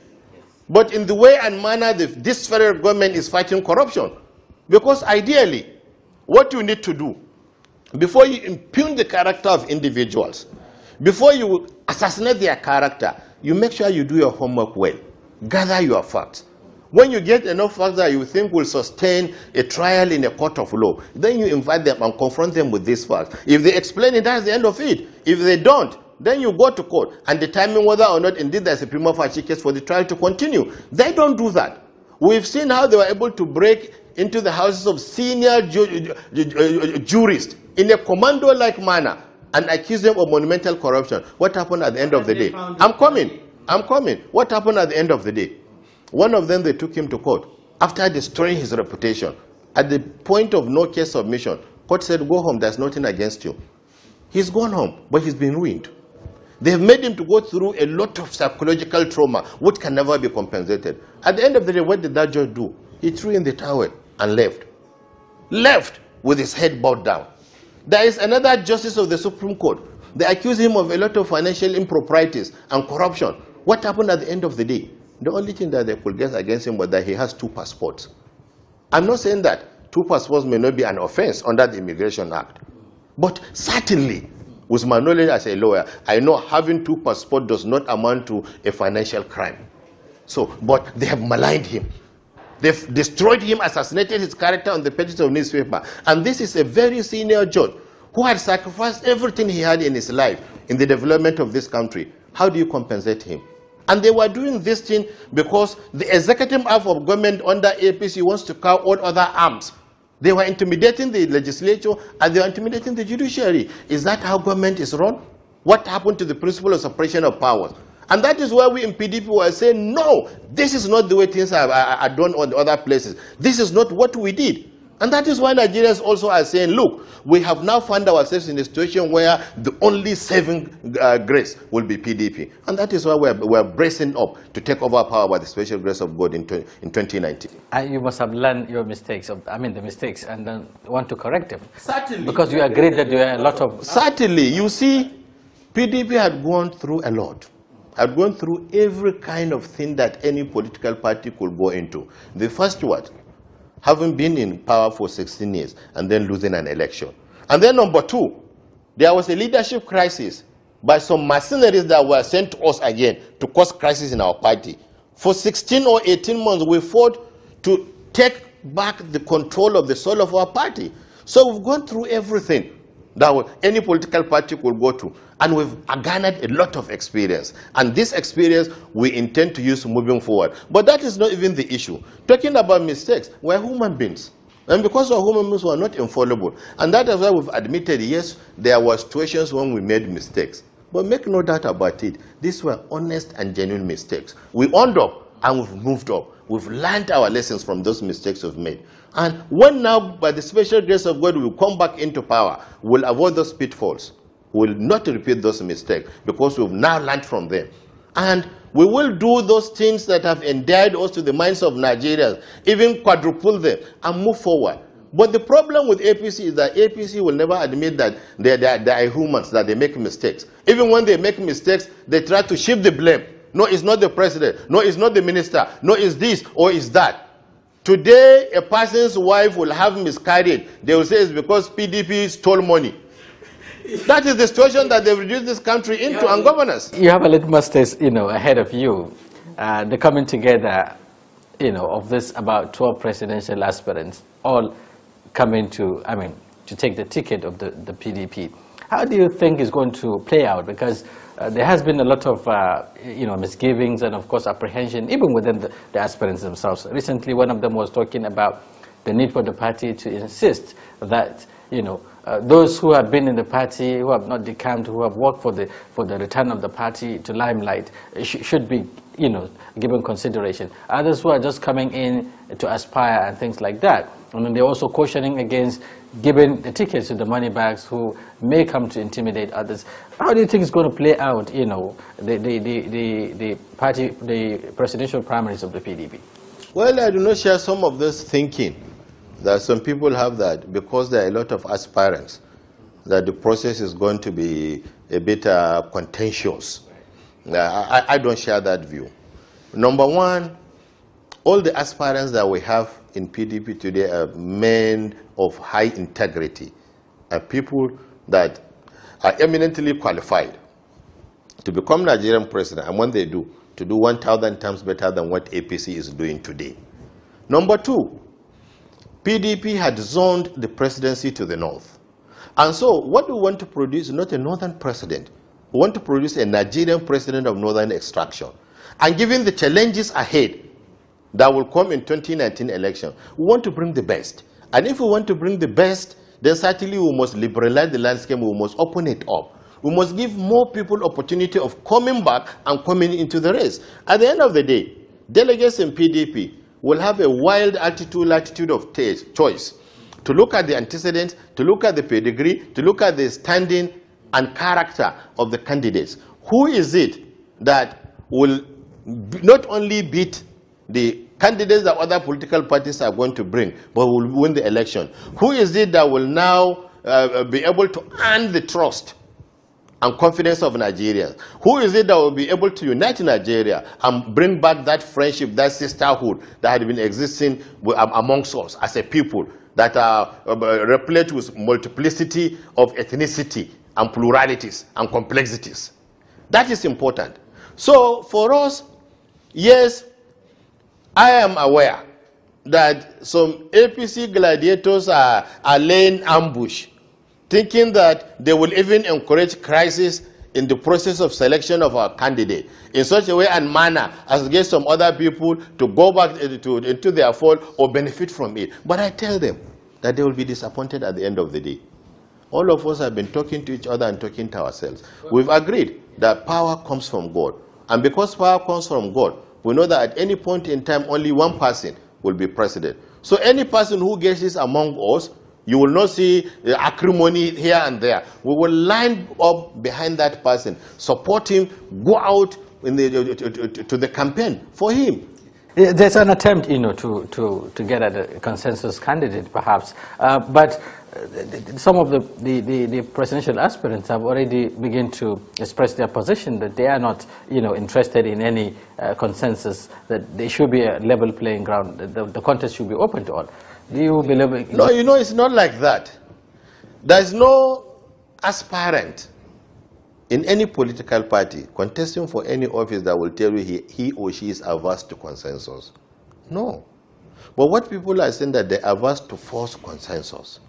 but in the way and manner that this federal government is fighting corruption. Because ideally, what you need to do before you impugn the character of individuals, before you assassinate their character, you make sure you do your homework well. Gather your facts. When you get enough facts that you think will sustain a trial in a court of law, then you invite them and confront them with these facts. If they explain it, that's the end of it. If they don't, then you go to court and determine whether or not indeed there's a prima facie case for the trial to continue. They don't do that. We've seen how they were able to break into the houses of senior ju ju ju jurists in a commando-like manner and accuse them of monumental corruption. What happened at the end of the day? I'm coming. I'm coming. What happened at the end of the day? One of them, they took him to court after destroying his reputation. At the point of no case submission, court said, go home, there's nothing against you. He's gone home, but he's been ruined. They have made him to go through a lot of psychological trauma, which can never be compensated. At the end of the day, what did that judge do? He threw in the towel and left. Left with his head bowed down. There is another justice of the Supreme Court. They accuse him of a lot of financial improprieties and corruption. What happened at the end of the day? The only thing that they could get against him was that he has two passports. I'm not saying that two passports may not be an offense under the Immigration Act. But certainly, with my knowledge as a lawyer, I know having two passports does not amount to a financial crime. So, but they have maligned him. They have destroyed him, assassinated his character on the pages of newspaper. And this is a very senior judge who had sacrificed everything he had in his life in the development of this country. How do you compensate him? And they were doing this thing because the executive arm of government under APC wants to cow all other arms. They were intimidating the legislature and they were intimidating the judiciary. Is that how government is run? What happened to the principle of separation of powers? And that is why we in PDP were saying, no, this is not the way things are, are, are done on the other places. This is not what we did. And that is why Nigerians also are saying, look, we have now found ourselves in a situation where the only saving uh, grace will be PDP. And that is why we're, we're bracing up to take over power by the special grace of God in, in 2019. And you must have learned your mistakes, of, I mean the mistakes, and then want to correct them. Certainly. Because you agreed that there were a lot of... Certainly. You see, PDP had gone through a lot. I've gone through every kind of thing that any political party could go into. The first one, having been in power for 16 years and then losing an election. And then number two, there was a leadership crisis by some mercenaries that were sent to us again to cause crisis in our party. For 16 or 18 months, we fought to take back the control of the soul of our party. So we've gone through everything that any political party could go to. And we've garnered a lot of experience. And this experience we intend to use moving forward. But that is not even the issue. Talking about mistakes, we're human beings. And because of human beings were not infallible. And that is why we've admitted, yes, there were situations when we made mistakes. But make no doubt about it, these were honest and genuine mistakes. We owned up and we've moved up. We've learned our lessons from those mistakes we've made. And when now, by the special grace of God, we come back into power, we'll avoid those pitfalls. We'll not repeat those mistakes because we've now learned from them. And we will do those things that have endeared us to the minds of Nigerians, even quadruple them, and move forward. But the problem with APC is that APC will never admit that they, they, they are humans, that they make mistakes. Even when they make mistakes, they try to shift the blame. No, it's not the president. No, it's not the minister. No, it's this or it's that. Today, a person's wife will have miscarried. They will say it's because PDP stole money. that is the situation that they've reduced this country into ungovernance. and governance. You have a litmus test, you know, ahead of you. Uh, the coming together, you know, of this about 12 presidential aspirants, all coming to, I mean, to take the ticket of the, the PDP. How do you think is going to play out? Because uh, there has been a lot of uh, you know misgivings and of course apprehension even within the, the, aspirants themselves. Recently, one of them was talking about the need for the party to insist that you know uh, those who have been in the party, who have not decamped, who have worked for the for the return of the party to limelight, uh, sh should be you know given consideration. Others who are just coming in to aspire and things like that, and then they're also cautioning against given the tickets to the money bags who may come to intimidate others. How do you think it's going to play out, you know, the, the, the, the, party, the presidential primaries of the PDP? Well, I do not share some of this thinking that some people have that because there are a lot of aspirants, that the process is going to be a bit uh, contentious. I, I don't share that view. Number one, all the aspirants that we have in PDP today are men of high integrity, are people that are eminently qualified to become Nigerian president, and when they do, to do 1,000 times better than what APC is doing today. Number two, PDP had zoned the presidency to the north. And so what we want to produce is not a northern president. We want to produce a Nigerian president of northern extraction. And given the challenges ahead, that will come in 2019 election. We want to bring the best. And if we want to bring the best, then certainly we must liberalize the landscape, we must open it up. We must give more people opportunity of coming back and coming into the race. At the end of the day, delegates in PDP will have a wild attitude, latitude of taste, choice to look at the antecedents, to look at the pedigree, to look at the standing and character of the candidates. Who is it that will not only beat the candidates that other political parties are going to bring, but will win the election. Who is it that will now uh, be able to earn the trust and confidence of Nigerians? Who is it that will be able to unite Nigeria and bring back that friendship, that sisterhood that had been existing amongst us as a people that are uh, replete with multiplicity of ethnicity and pluralities and complexities? That is important. So for us, yes, I am aware that some APC gladiators are, are laying ambush, thinking that they will even encourage crisis in the process of selection of our candidate in such a way and manner as get some other people to go back eh, into their fold or benefit from it. But I tell them that they will be disappointed at the end of the day. All of us have been talking to each other and talking to ourselves. We've agreed that power comes from God. And because power comes from God, we know that at any point in time, only one person will be president. So any person who gets this among us, you will not see uh, acrimony here and there. We will line up behind that person, support him, go out the, to, uh, to, uh, to the campaign for him. There's an attempt, you know, to, to, to get at a consensus candidate, perhaps. Uh, but uh, some of the, the, the, the, presidential aspirants have already begun to express their position that they are not, you know, interested in any uh, consensus, that there should be a level playing ground, the, the contest should be open to all. Do you believe... No, you know, it's not like that. There's no aspirant in any political party contesting for any office that will tell you he, he or she is averse to consensus. No. But what people are saying that they're averse to forced consensus.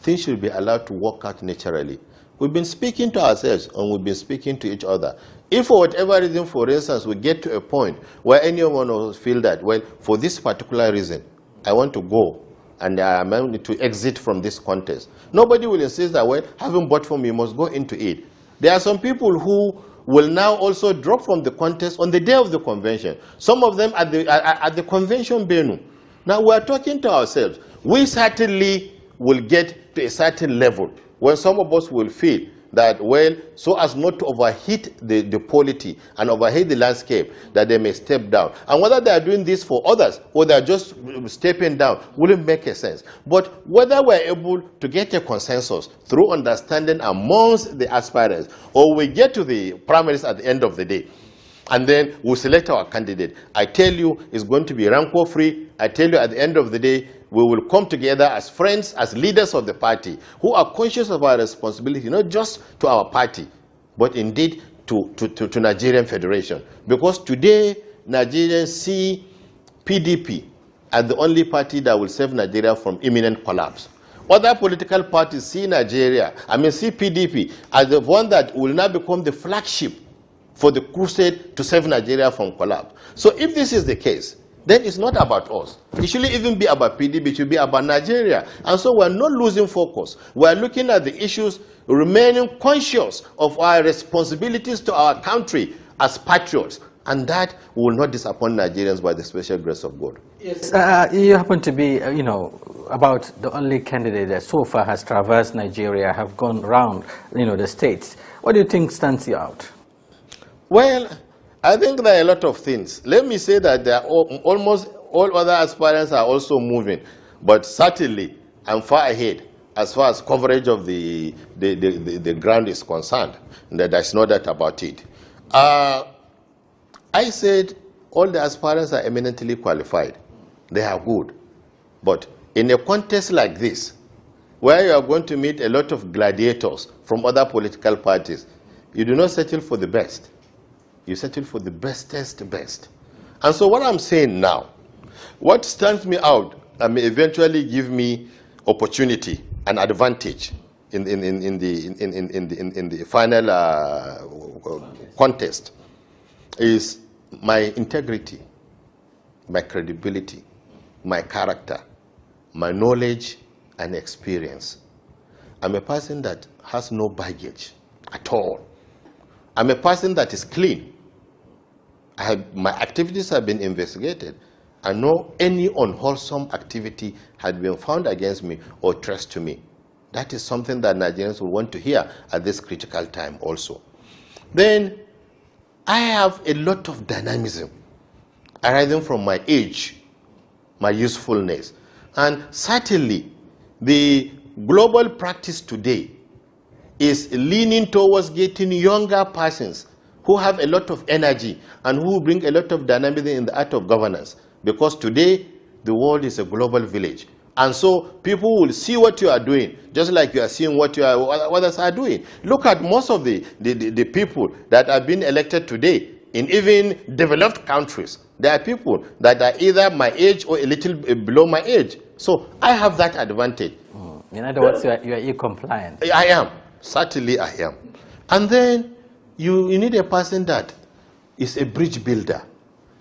Things should be allowed to work out naturally. We've been speaking to ourselves and we've been speaking to each other. If for whatever reason, for instance, we get to a point where anyone will feel that, well, for this particular reason, I want to go and I am to exit from this contest. Nobody will insist that, well, having bought from you must go into it. There are some people who will now also drop from the contest on the day of the convention. Some of them at the, at the convention venue. Now we are talking to ourselves. We certainly will get to a certain level when some of us will feel that well so as not to overheat the, the polity and overheat the landscape that they may step down and whether they are doing this for others or they are just stepping down wouldn't make a sense but whether we're able to get a consensus through understanding amongst the aspirants or we get to the primaries at the end of the day and then we will select our candidate. I tell you, it's going to be rank free. I tell you, at the end of the day, we will come together as friends, as leaders of the party, who are conscious of our responsibility, not just to our party, but indeed to, to, to, to Nigerian Federation. Because today, Nigerians see PDP as the only party that will save Nigeria from imminent collapse. Other political parties see Nigeria, I mean see PDP, as the one that will now become the flagship for the crusade to save Nigeria from collapse. So if this is the case, then it's not about us. It shouldn't even be about PDB, it should be about Nigeria. And so we're not losing focus. We're looking at the issues, remaining conscious of our responsibilities to our country as patriots. And that will not disappoint Nigerians by the special grace of God. Yes, uh, you happen to be, uh, you know, about the only candidate that so far has traversed Nigeria, have gone round, you know, the states. What do you think stands you out? Well, I think there are a lot of things. Let me say that there are all, almost all other aspirants are also moving, but certainly I'm far ahead as far as coverage of the, the, the, the, the ground is concerned. There's no doubt about it. Uh, I said all the aspirants are eminently qualified. They are good. But in a contest like this, where you are going to meet a lot of gladiators from other political parties, you do not settle for the best. You settle for the bestest best. And so what I'm saying now, what stands me out and may eventually give me opportunity and advantage in, in, in, in, the, in, in, in, the, in, in the final uh, contest is my integrity, my credibility, my character, my knowledge and experience. I'm a person that has no baggage at all. I'm a person that is clean. I have, my activities have been investigated, I know any unwholesome activity had been found against me or traced to me. That is something that Nigerians will want to hear at this critical time also. Then I have a lot of dynamism arising from my age, my usefulness. And certainly the global practice today is leaning towards getting younger persons who have a lot of energy and who bring a lot of dynamism in the art of governance. Because today, the world is a global village. And so people will see what you are doing, just like you are seeing what you are, others are doing. Look at most of the, the, the, the people that have been elected today in even developed countries. There are people that are either my age or a little below my age. So I have that advantage. Mm. In other words, you are, you are e-compliant. I am. Certainly I am. And then you, you need a person that is a bridge builder.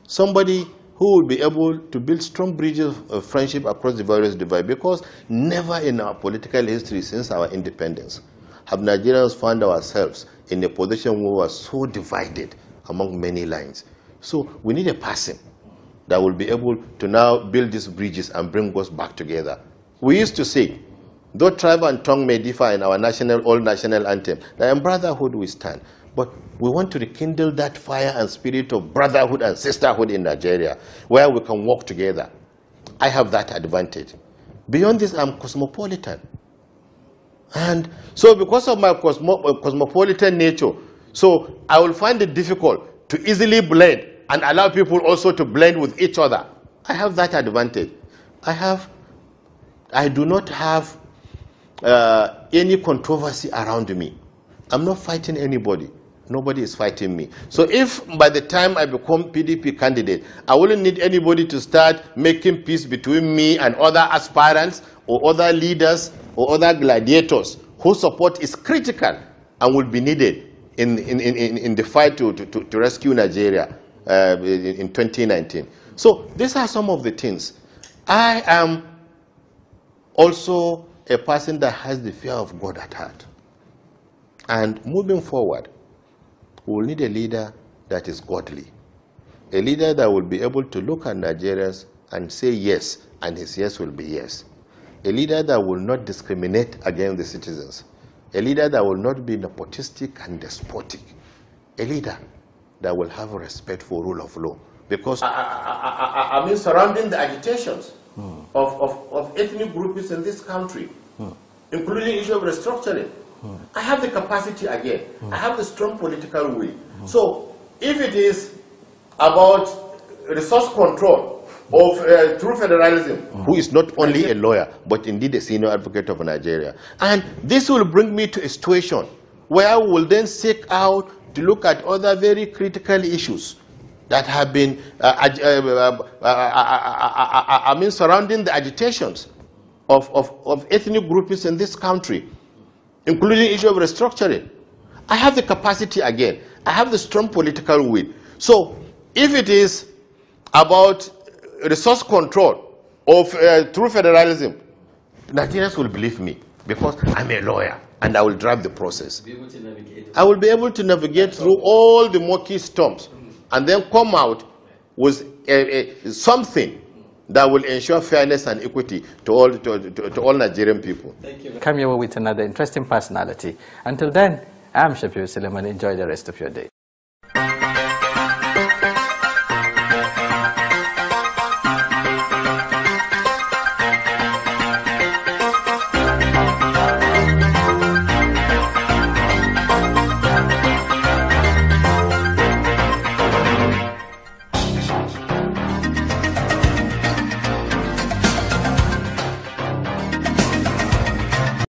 Somebody who will be able to build strong bridges of friendship across the various divide. because never in our political history since our independence have Nigerians found ourselves in a position where we are so divided among many lines. So we need a person that will be able to now build these bridges and bring us back together. We used to say Though tribe and tongue may differ in our national, all national anthem, that in brotherhood we stand. But we want to rekindle that fire and spirit of brotherhood and sisterhood in Nigeria, where we can work together. I have that advantage. Beyond this, I'm cosmopolitan. And so because of my cosmo uh, cosmopolitan nature, so I will find it difficult to easily blend and allow people also to blend with each other. I have that advantage. I have, I do not have uh, any controversy around me. I'm not fighting anybody. Nobody is fighting me. So if by the time I become PDP candidate, I wouldn't need anybody to start making peace between me and other aspirants or other leaders or other gladiators whose support is critical and will be needed in, in, in, in the fight to, to, to rescue Nigeria uh, in, in 2019. So these are some of the things. I am also a person that has the fear of God at heart. And moving forward, we will need a leader that is godly, a leader that will be able to look at Nigerians and say yes, and his yes will be yes, a leader that will not discriminate against the citizens, a leader that will not be nepotistic and despotic, a leader that will have respect for rule of law. Because I, I, I, I mean, surrounding the agitations hmm. of, of, of ethnic groups in this country, including issue of restructuring. Mm. I have the capacity again. Mm. I have the strong political will. So if it is about resource control of uh, true federalism, who is not only a lawyer, but indeed a senior advocate of Nigeria. And this will bring me to a situation where I will then seek out to look at other very critical issues that have been, uh, uh uh, uh, uh, uh, I mean, surrounding the agitations of, of, of ethnic groupings in this country, including issue of restructuring. I have the capacity again. I have the strong political will. So if it is about resource control of uh, through federalism, Nigerians will believe me because I'm a lawyer and I will drive the process. I will be able to navigate through all the murky storms and then come out with something that will ensure fairness and equity to all, to, to, to all Nigerian people. Thank you. Come here with another interesting personality. Until then, I'm Shapiro Suleiman. Enjoy the rest of your day.